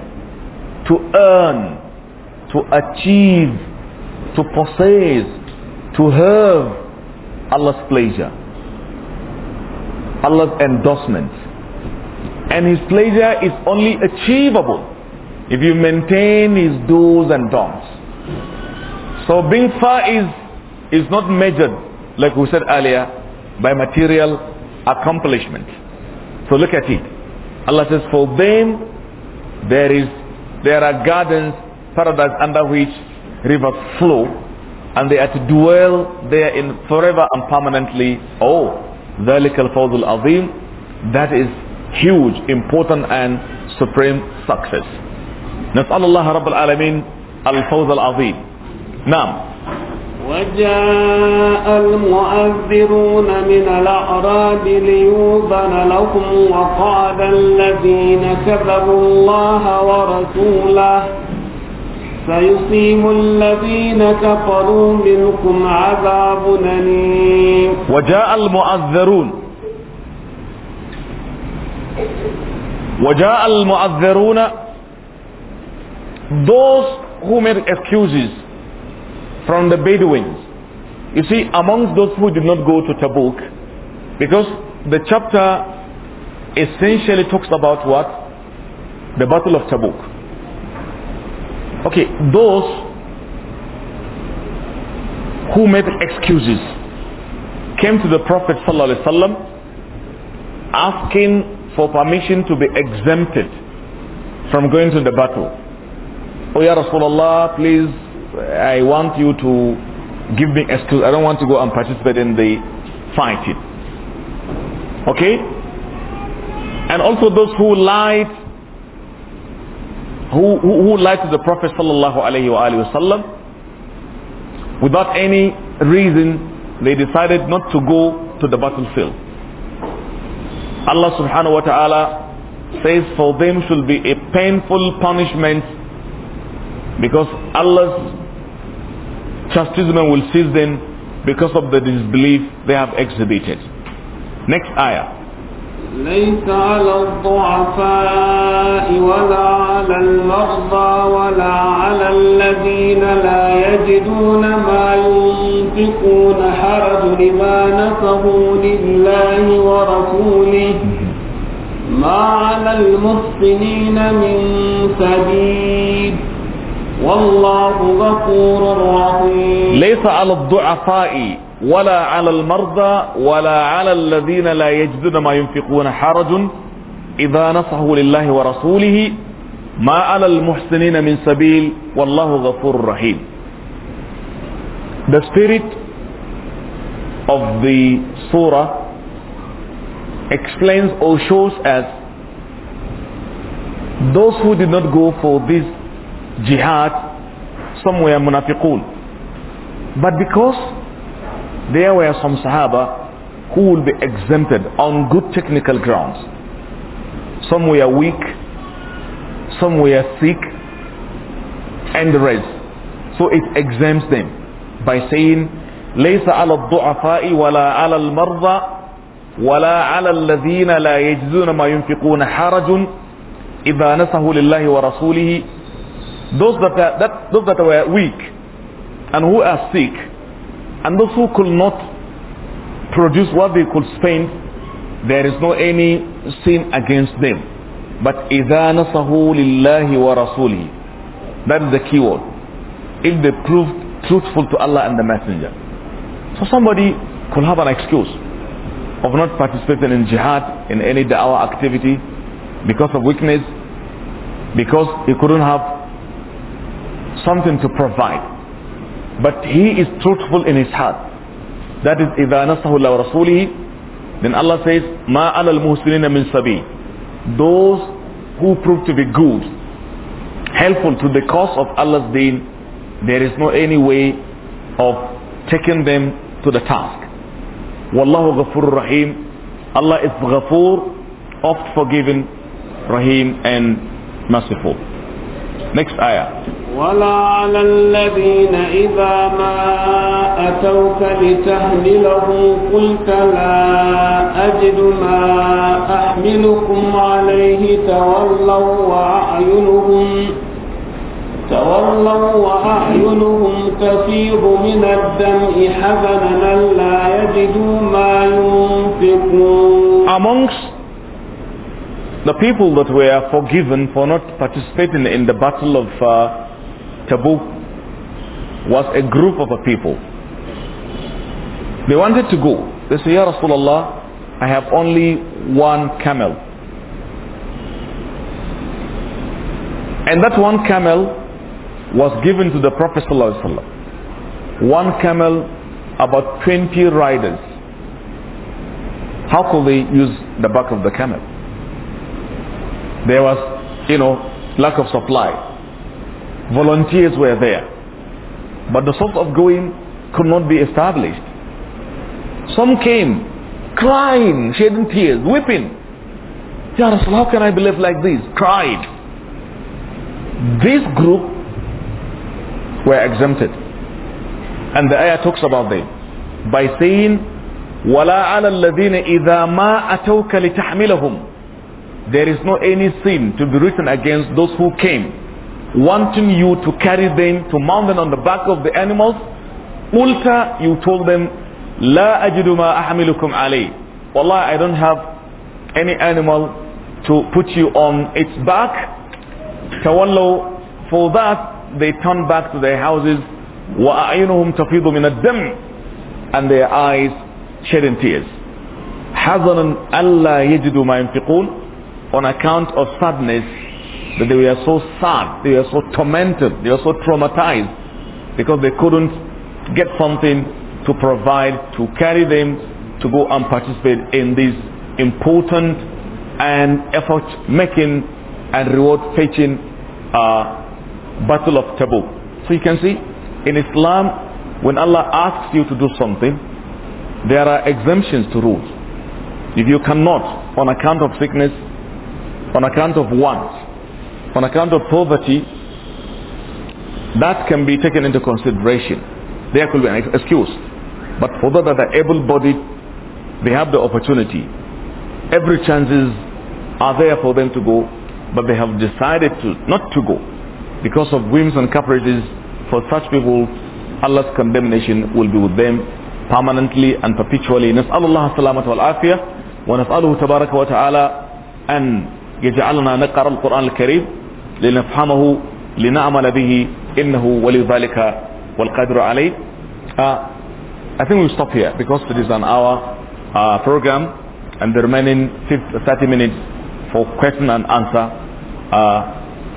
to earn, to achieve, to possess, to have Allah's pleasure, Allah's endorsement. And his pleasure is only achievable if you maintain his do's and don'ts. So being far is, is not measured, like we said earlier, by material accomplishment. So look at it. Allah says, for them there is there are gardens, paradise under which rivers flow, and they are to dwell in forever and permanently. Oh, ذَلِكَ الْفَوْضُ الْعَظِيمُ That is huge important and supreme success نسأل الله رب العالمين الفوز العظيم نعم وجاء المؤذرون من الأعراب ليوضن لكم وقال الذين كذبوا الله ورسوله سيصيب الذين كفروا منكم عذاب أليم وجاء المؤذرون وَجَاءَ الْمُعَذَّرُونَ Those who made excuses from the Bedouins. You see, amongst those who did not go to Tabuk, because the chapter essentially talks about what? The Battle of Tabuk. Okay, those who made excuses came to the Prophet ﷺ asking for permission to be exempted from going to the battle. Oh Ya Rasulullah, please, I want you to give me excuse. I don't want to go and participate in the fighting. Okay? And also those who lied, who, who, who lied to the Prophet sallallahu Alaihi Wasallam, without any reason, they decided not to go to the battlefield. Allah subhanahu wa ta'ala says for them should be a painful punishment because Allah's chastisement will seize them because of the disbelief they have exhibited. Next ayah. ليس على الضعفاء ولا على المرضى ولا على الذين لا يجدون ما ينفقون حرج لما نفقوا لله ورسوله ما على المحسنين من سبيل والله غفور رحيم ليس على الضعفاء ولا على المرضى ولا على الذين لا يجدون ما ينفقون حرج إذا نصحوا لله ورسوله ما على المحسنين من سبيل والله غفور رحيم The spirit of the surah explains or shows us those who did not go for this jihad, somewhere were munafiqun. But because there were some sahaba who will be exempted on good technical grounds. Some were weak, some were sick, and the rest. So it exempts them. by saying ليس على الضعفاء ولا على المرضى ولا على الذين لا يجزون ما ينفقون حرج إذا نصه لله ورسوله those that, are, that, those that were weak and who are sick and those who could not produce what they could spend there is no any sin against them but إذا نصه لله ورسوله that is the key word if they prove truthful to Allah and the messenger. So somebody could have an excuse of not participating in jihad, in any da'wah activity, because of weakness, because he couldn't have something to provide. But he is truthful in his heart. That is, إِذَا نَصَهُ اللَّهُ رَسُولِهِ Then Allah says, مَا عَلَى الْمُحْسِنِينَ مِنْ سَبِيلٍ Those who prove to be good, helpful to the cause of Allah's deen, there is no any way of taking them to the task. Wallahu Ghafur Rahim. Allah is Ghafur, oft forgiven, Rahim and merciful. Next ayah. ولا على الذين إذا ما أتوك لتحملهم قلت لا أجد ما أحملكم عليه تولوا وأعينهم تولوا وأعينهم تفيض من الدمع حزنا لا يجدوا ما ينفقون Amongst the people that were forgiven for not participating in the battle of uh, Tabuk was a group of a people. They wanted to go. They said, Ya Rasulullah, I have only one camel. And that one camel was given to the Prophet ﷺ. One camel, about 20 riders. How could they use the back of the camel? There was, you know, lack of supply. Volunteers were there. But the source of going could not be established. Some came crying, shedding tears, weeping. Ya Rasul, how can I believe like this? Cried. This group were exempted. And the ayah talks about them by saying, وَلَا عَلَى الَّذِينَ إِذَا مَا أَتَوْكَ لِتَحْمِلَهُم There is no any sin to be written against those who came, wanting you to carry them, to mount them on the back of the animals. Ulta, you told them, لَا أَجِدُ مَا أَحْمِلُكُمْ عَلَيْهِ Wallah, I don't have any animal to put you on its back. Tawallu, for that they turn back to their houses وَأَعْيُنُهُمْ تَفِيضُ مِنَ الدَّمْ and their eyes shedding tears حَزَنًا أَلَّا يَجِدُوا مَا ينفقون on account of sadness that they were so sad they were so tormented they were so traumatized because they couldn't get something to provide to carry them to go and participate in this important and effort making and reward fetching uh, Battle of Tabuk. So you can see, in Islam, when Allah asks you to do something, there are exemptions to rules. If you cannot, on account of sickness, on account of want, on account of poverty, that can be taken into consideration. There could be an excuse. But for those that are able-bodied, they have the opportunity. Every chances are there for them to go, but they have decided to not to go because of whims and caprices, for such people, Allah's condemnation will be with them permanently and perpetually. نسأل الله السلامة والعافية ونسأله تبارك وتعالى أن يجعلنا نقرأ القرآن الكريم لنفهمه لنعمل به إنه ولي ذلك والقادر عليه. Uh, I think we'll stop here because it is an hour uh, program and the remaining 50, 30 minutes for question and answer. Uh,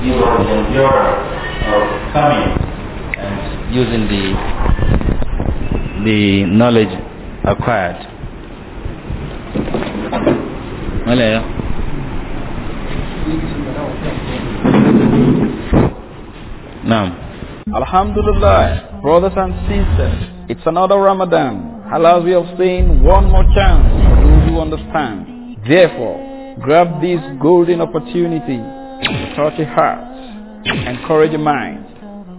evil the enduring of uh, coming and using the the knowledge acquired. Now, Alhamdulillah, brothers and sisters, it's another Ramadan. Allah, we have seen one more chance for those who understand. Therefore, grab this golden opportunity the heart, encourage mind,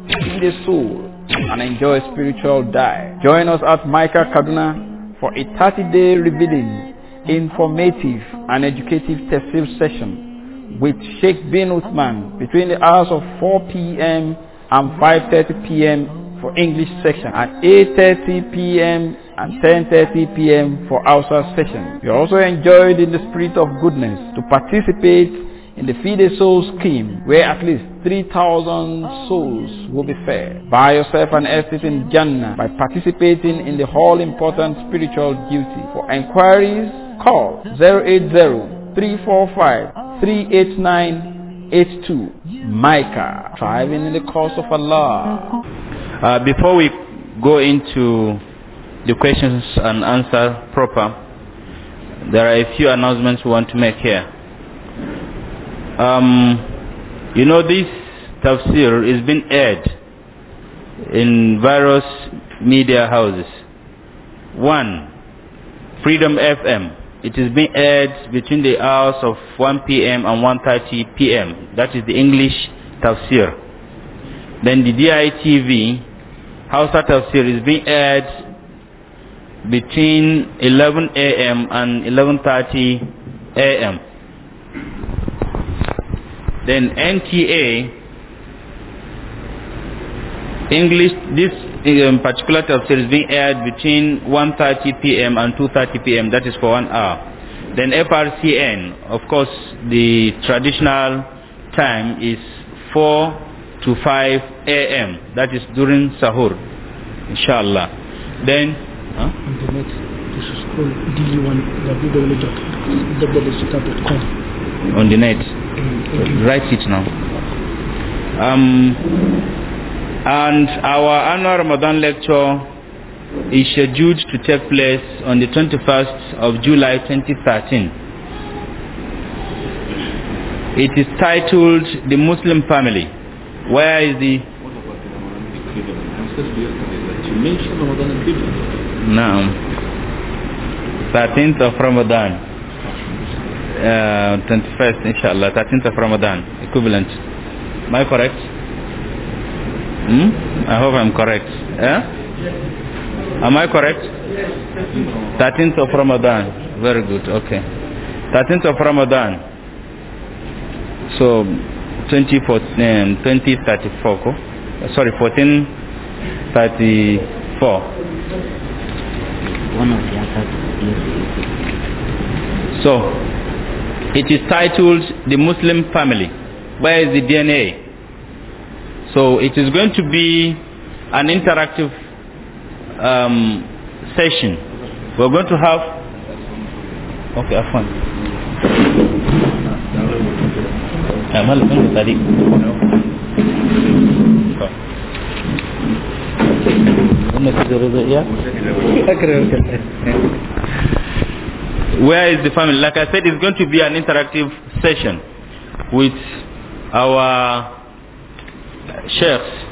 feed the soul, and enjoy spiritual diet. Join us at Micah Kaduna for a 30-day revealing, informative, and educative tafsir session with Sheikh bin Uthman between the hours of 4 p.m. and 5.30 p.m. for English section and 8.30 p.m. and 10.30 p.m. for Hausa session. You are also enjoyed in the spirit of goodness to participate in the Feed a Soul scheme, where at least 3,000 souls will be fed. Buy yourself an estate in Jannah by participating in the all-important spiritual duty. For inquiries, call 080-345-38982. Micah, thriving in the cause of Allah. Uh, before we go into the questions and answer proper, there are a few announcements we want to make here. Um, you know, this tafsir is being aired in various media houses. One, Freedom FM. It is being aired between the hours of 1 p.m. and 1.30 p.m. That is the English tafsir. Then the DITV, Hausa tafsir, is being aired between 11 a.m. and 11.30 a.m then NTA English this in um, particular tafsir is being aired between 1.30 p.m. and 2.30 p.m. That is for one hour. Then FRCN, of course, the traditional time is 4 to 5 a.m. That is during sahur, inshallah. Then... Huh? Internet, this is called DU1, on the net. Write it now. Um, and our annual Ramadan lecture is scheduled to take place on the 21st of July 2013. It is titled The Muslim Family. Where is the... Now, 13th of Ramadan uh, 21st, inshallah, 13th of Ramadan, equivalent. Am I correct? Hmm? I hope I'm correct. Yeah? Am I correct? 13th of Ramadan. Very good, okay. 13th of Ramadan. So, 2034, um, sorry, 1434. One of the answers So, it is titled The Muslim Family. Where is the DNA? So it is going to be an interactive um, session. We're going to have... Okay, Afan. Amal pun where is the family? Like I said, it's going to be an interactive session with our sheikhs.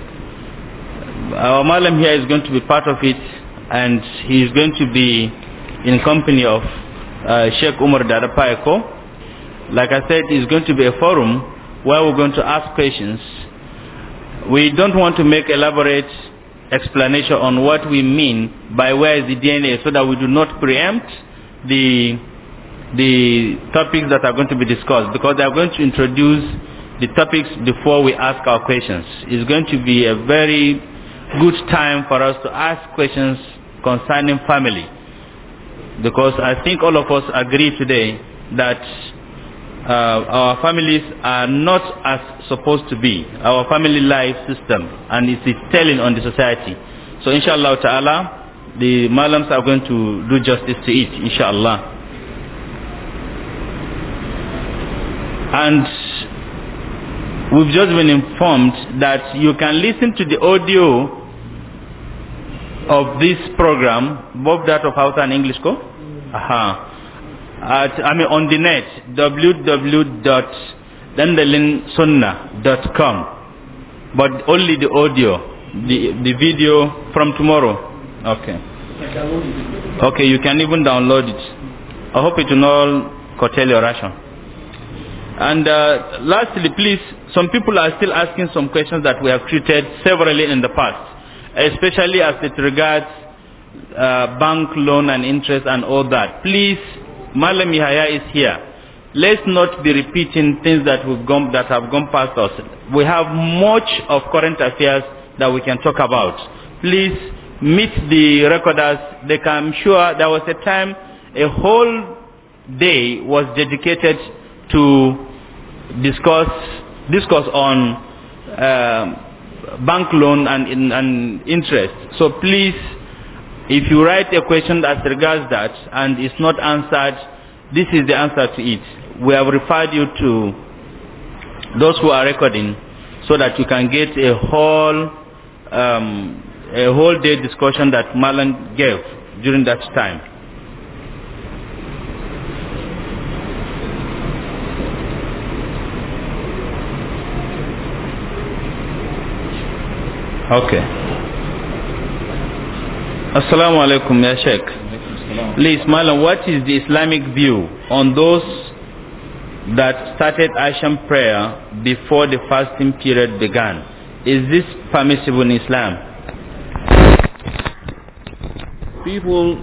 Our malam here is going to be part of it and he is going to be in company of uh, Sheikh Umar Darapayako. Like I said, it's going to be a forum where we're going to ask questions. We don't want to make elaborate explanation on what we mean by where is the DNA so that we do not preempt the the topics that are going to be discussed because they are going to introduce the topics before we ask our questions. It's going to be a very good time for us to ask questions concerning family because I think all of us agree today that uh, our families are not as supposed to be. Our family life system and it's telling on the society. So inshallah ta'ala, the malams are going to do justice to it, inshallah. And we've just been informed that you can listen to the audio of this program, both that of Hausa and English, go? Aha. At, I mean, on the net, www.dandalinsunnah.com. But only the audio, the, the video from tomorrow Okay. Okay, you can even download it. I hope it will not curtail your ration. And uh, lastly, please, some people are still asking some questions that we have treated severally in the past, especially as it regards uh, bank loan and interest and all that. Please, Malam Mihaya is here let's not be repeating things that we've gone that have gone past us. We have much of current affairs that we can talk about. Please meet the recorders, they can, I'm sure there was a time a whole day was dedicated to discuss, discuss on uh, bank loan and, and interest. So please, if you write a question as regards that and it's not answered, this is the answer to it. We have referred you to those who are recording so that you can get a whole um, a whole day discussion that Malan gave during that time. Okay. Assalamu alaikum, Ya Sheikh. Please, Malan, what is the Islamic view on those that started Asham prayer before the fasting period began? Is this permissible in Islam? people,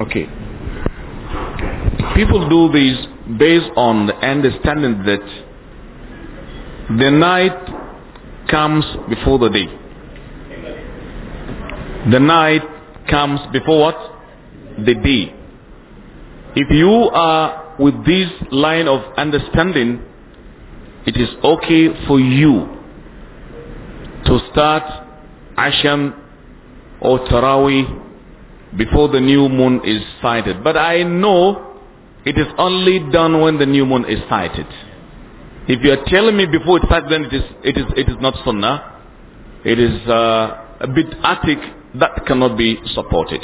okay, people do this based on the understanding that the night comes before the day. The night comes before what? The day. If you are with this line of understanding, it is okay for you to start Asham or Taraweeh before the new moon is sighted. But I know it is only done when the new moon is sighted. If you are telling me before it's sighted, then it is, it is, it is not sunnah. It is uh, a bit attic that cannot be supported.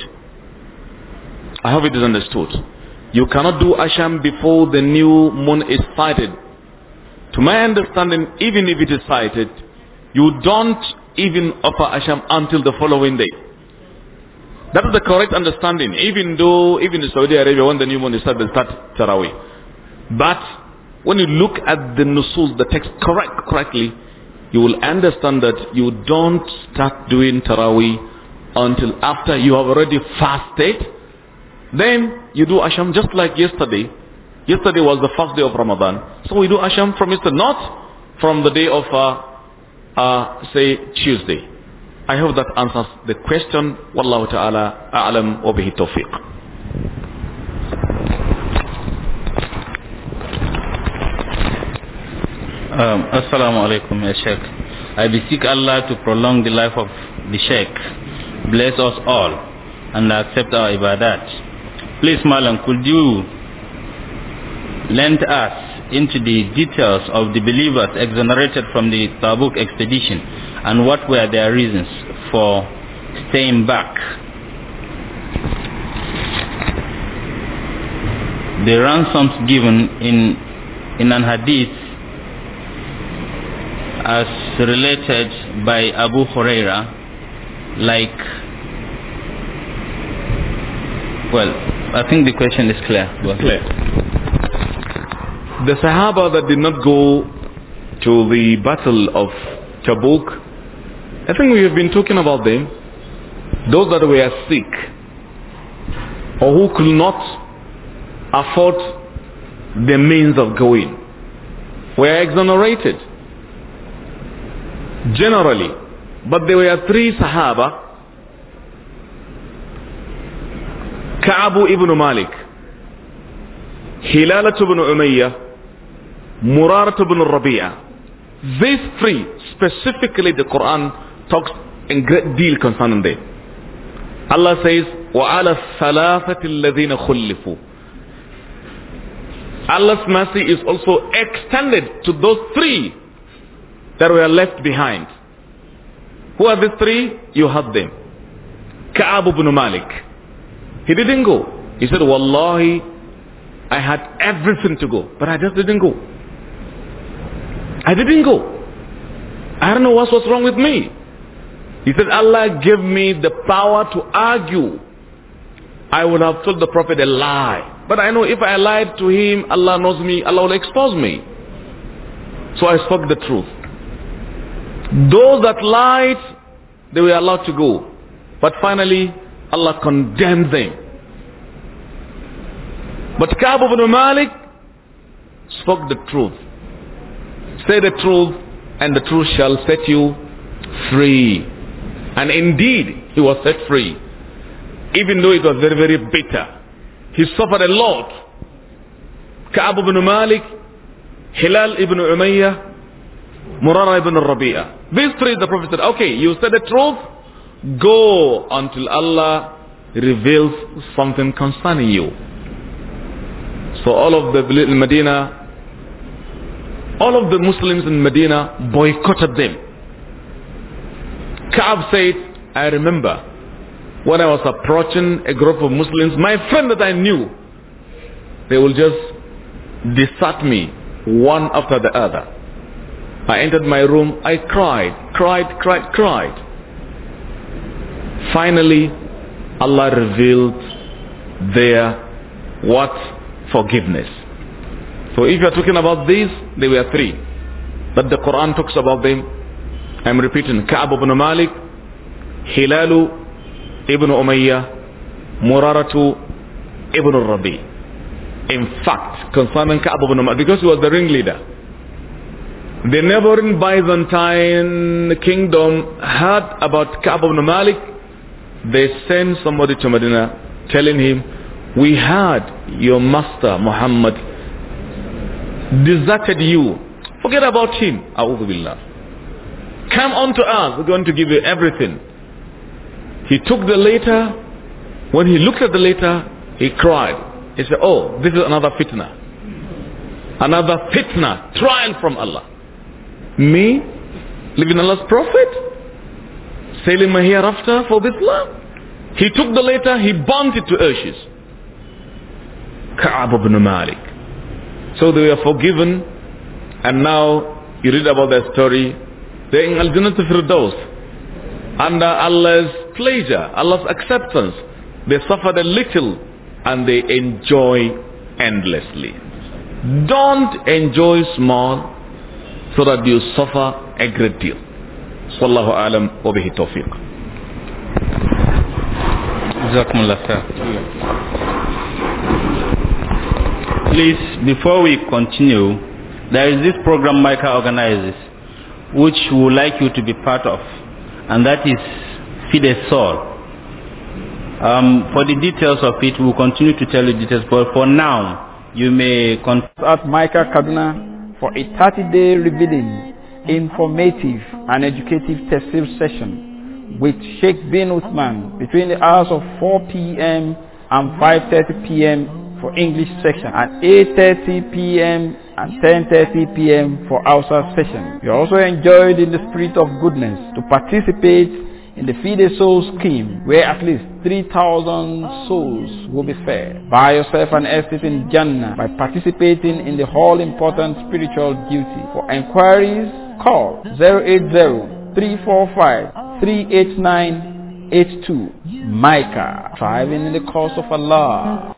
I hope it is understood. You cannot do asham before the new moon is sighted. To my understanding, even if it is sighted, you don't even offer asham until the following day. That is the correct understanding, even though even in Saudi Arabia, when the new moon is start, they start taraweeh. But when you look at the nusul, the text correct, correctly, you will understand that you don't start doing taraweeh until after you have already fasted. Then you do Asham just like yesterday. Yesterday was the first day of Ramadan. So we do Asham from yesterday, not from the day of, uh, uh, say, Tuesday. I hope that answers the question. Wallahu ta'ala a'lam wa bihi tawfiq. Um, assalamu alaikum, ya Sheikh. I beseech Allah to prolong the life of the Sheikh. Bless us all and accept our ibadat. Please, Malam, could you lend us into the details of the believers exonerated from the Tabuk expedition? and what were their reasons for staying back. The ransoms given in in an hadith as related by Abu Huraira like well I think the question is clear. Clear. The Sahaba that did not go to the battle of Tabuk I think we have been talking about them. Those that were sick or who could not afford the means of going were exonerated generally. But there were three Sahaba. Ka'abu ibn Malik, Hilalat ibn Umayyah, Murarat ibn Rabi'ah. These three, specifically the Quran talks in great deal concerning them. Allah says, وَعَلَى الثَّلَاثَةِ الَّذِينَ خُلِّفُوا Allah's mercy is also extended to those three that were left behind. Who are the three? You have them. Ka'ab ibn Malik. He didn't go. He said, Wallahi, I had everything to go, but I just didn't go. I didn't go. I don't know what was wrong with me. He said, Allah give me the power to argue. I would have told the Prophet a lie. But I know if I lied to him, Allah knows me, Allah will expose me. So I spoke the truth. Those that lied, they were allowed to go. But finally, Allah condemned them. But Ka'b ibn Malik spoke the truth. Say the truth and the truth shall set you free. And indeed, he was set free. Even though it was very, very bitter. He suffered a lot. Ka'ab ibn Malik, Hilal ibn Umayyah, Murara ibn Rabi'ah. These three, the Prophet said, okay, you said the truth. Go until Allah reveals something concerning you. So all of the in Medina, all of the Muslims in Medina boycotted them. Kaab said, I remember when I was approaching a group of Muslims, my friend that I knew, they will just desert me one after the other. I entered my room, I cried, cried, cried, cried. Finally, Allah revealed their what? Forgiveness. So if you are talking about these, they were three. But the Quran talks about them I'm repeating, Ka'ab ibn Malik, Hilalu ibn Umayyah, Muraratu ibn Rabi. In fact, concerning Ka'ab ibn Malik, because he was the ringleader, the neighboring Byzantine kingdom heard about Ka'ab ibn Malik. They sent somebody to Medina telling him, we heard your master Muhammad deserted you. Forget about him. A'udhu billah. Come to us, we're going to give you everything. He took the letter. When he looked at the letter, he cried. He said, oh, this is another fitna. Another fitna, trial from Allah. Me, living Allah's prophet, sailing my hereafter for this love. He took the letter, he burnt it to ashes. Ka'ab ibn Malik. So they were forgiven and now you read about their story they're in Al-Jannah Firdaus. Under uh, Allah's pleasure, Allah's acceptance, they suffer a little and they enjoy endlessly. Don't enjoy small so that you suffer a great deal. Wallahu alam wa bihi tawfiq. Please, before we continue, there is this program Micah organizes which we would like you to be part of, and that is Feed a Soul. Um, for the details of it, we'll continue to tell you details, but for now, you may contact Michael Kaduna for a 30-day revealing, informative, and educative testing session with Sheikh bin Uthman between the hours of 4 p.m. and 5.30 p.m. for English section and 8.30 p.m at 10.30 p.m. for our session. You are also enjoyed in the spirit of goodness to participate in the Feed a Soul scheme where at least 3,000 souls will be fed. Buy yourself an estate in Jannah by participating in the all important spiritual duty. For inquiries, call 080-345-38982. Micah, thriving in the cause of Allah.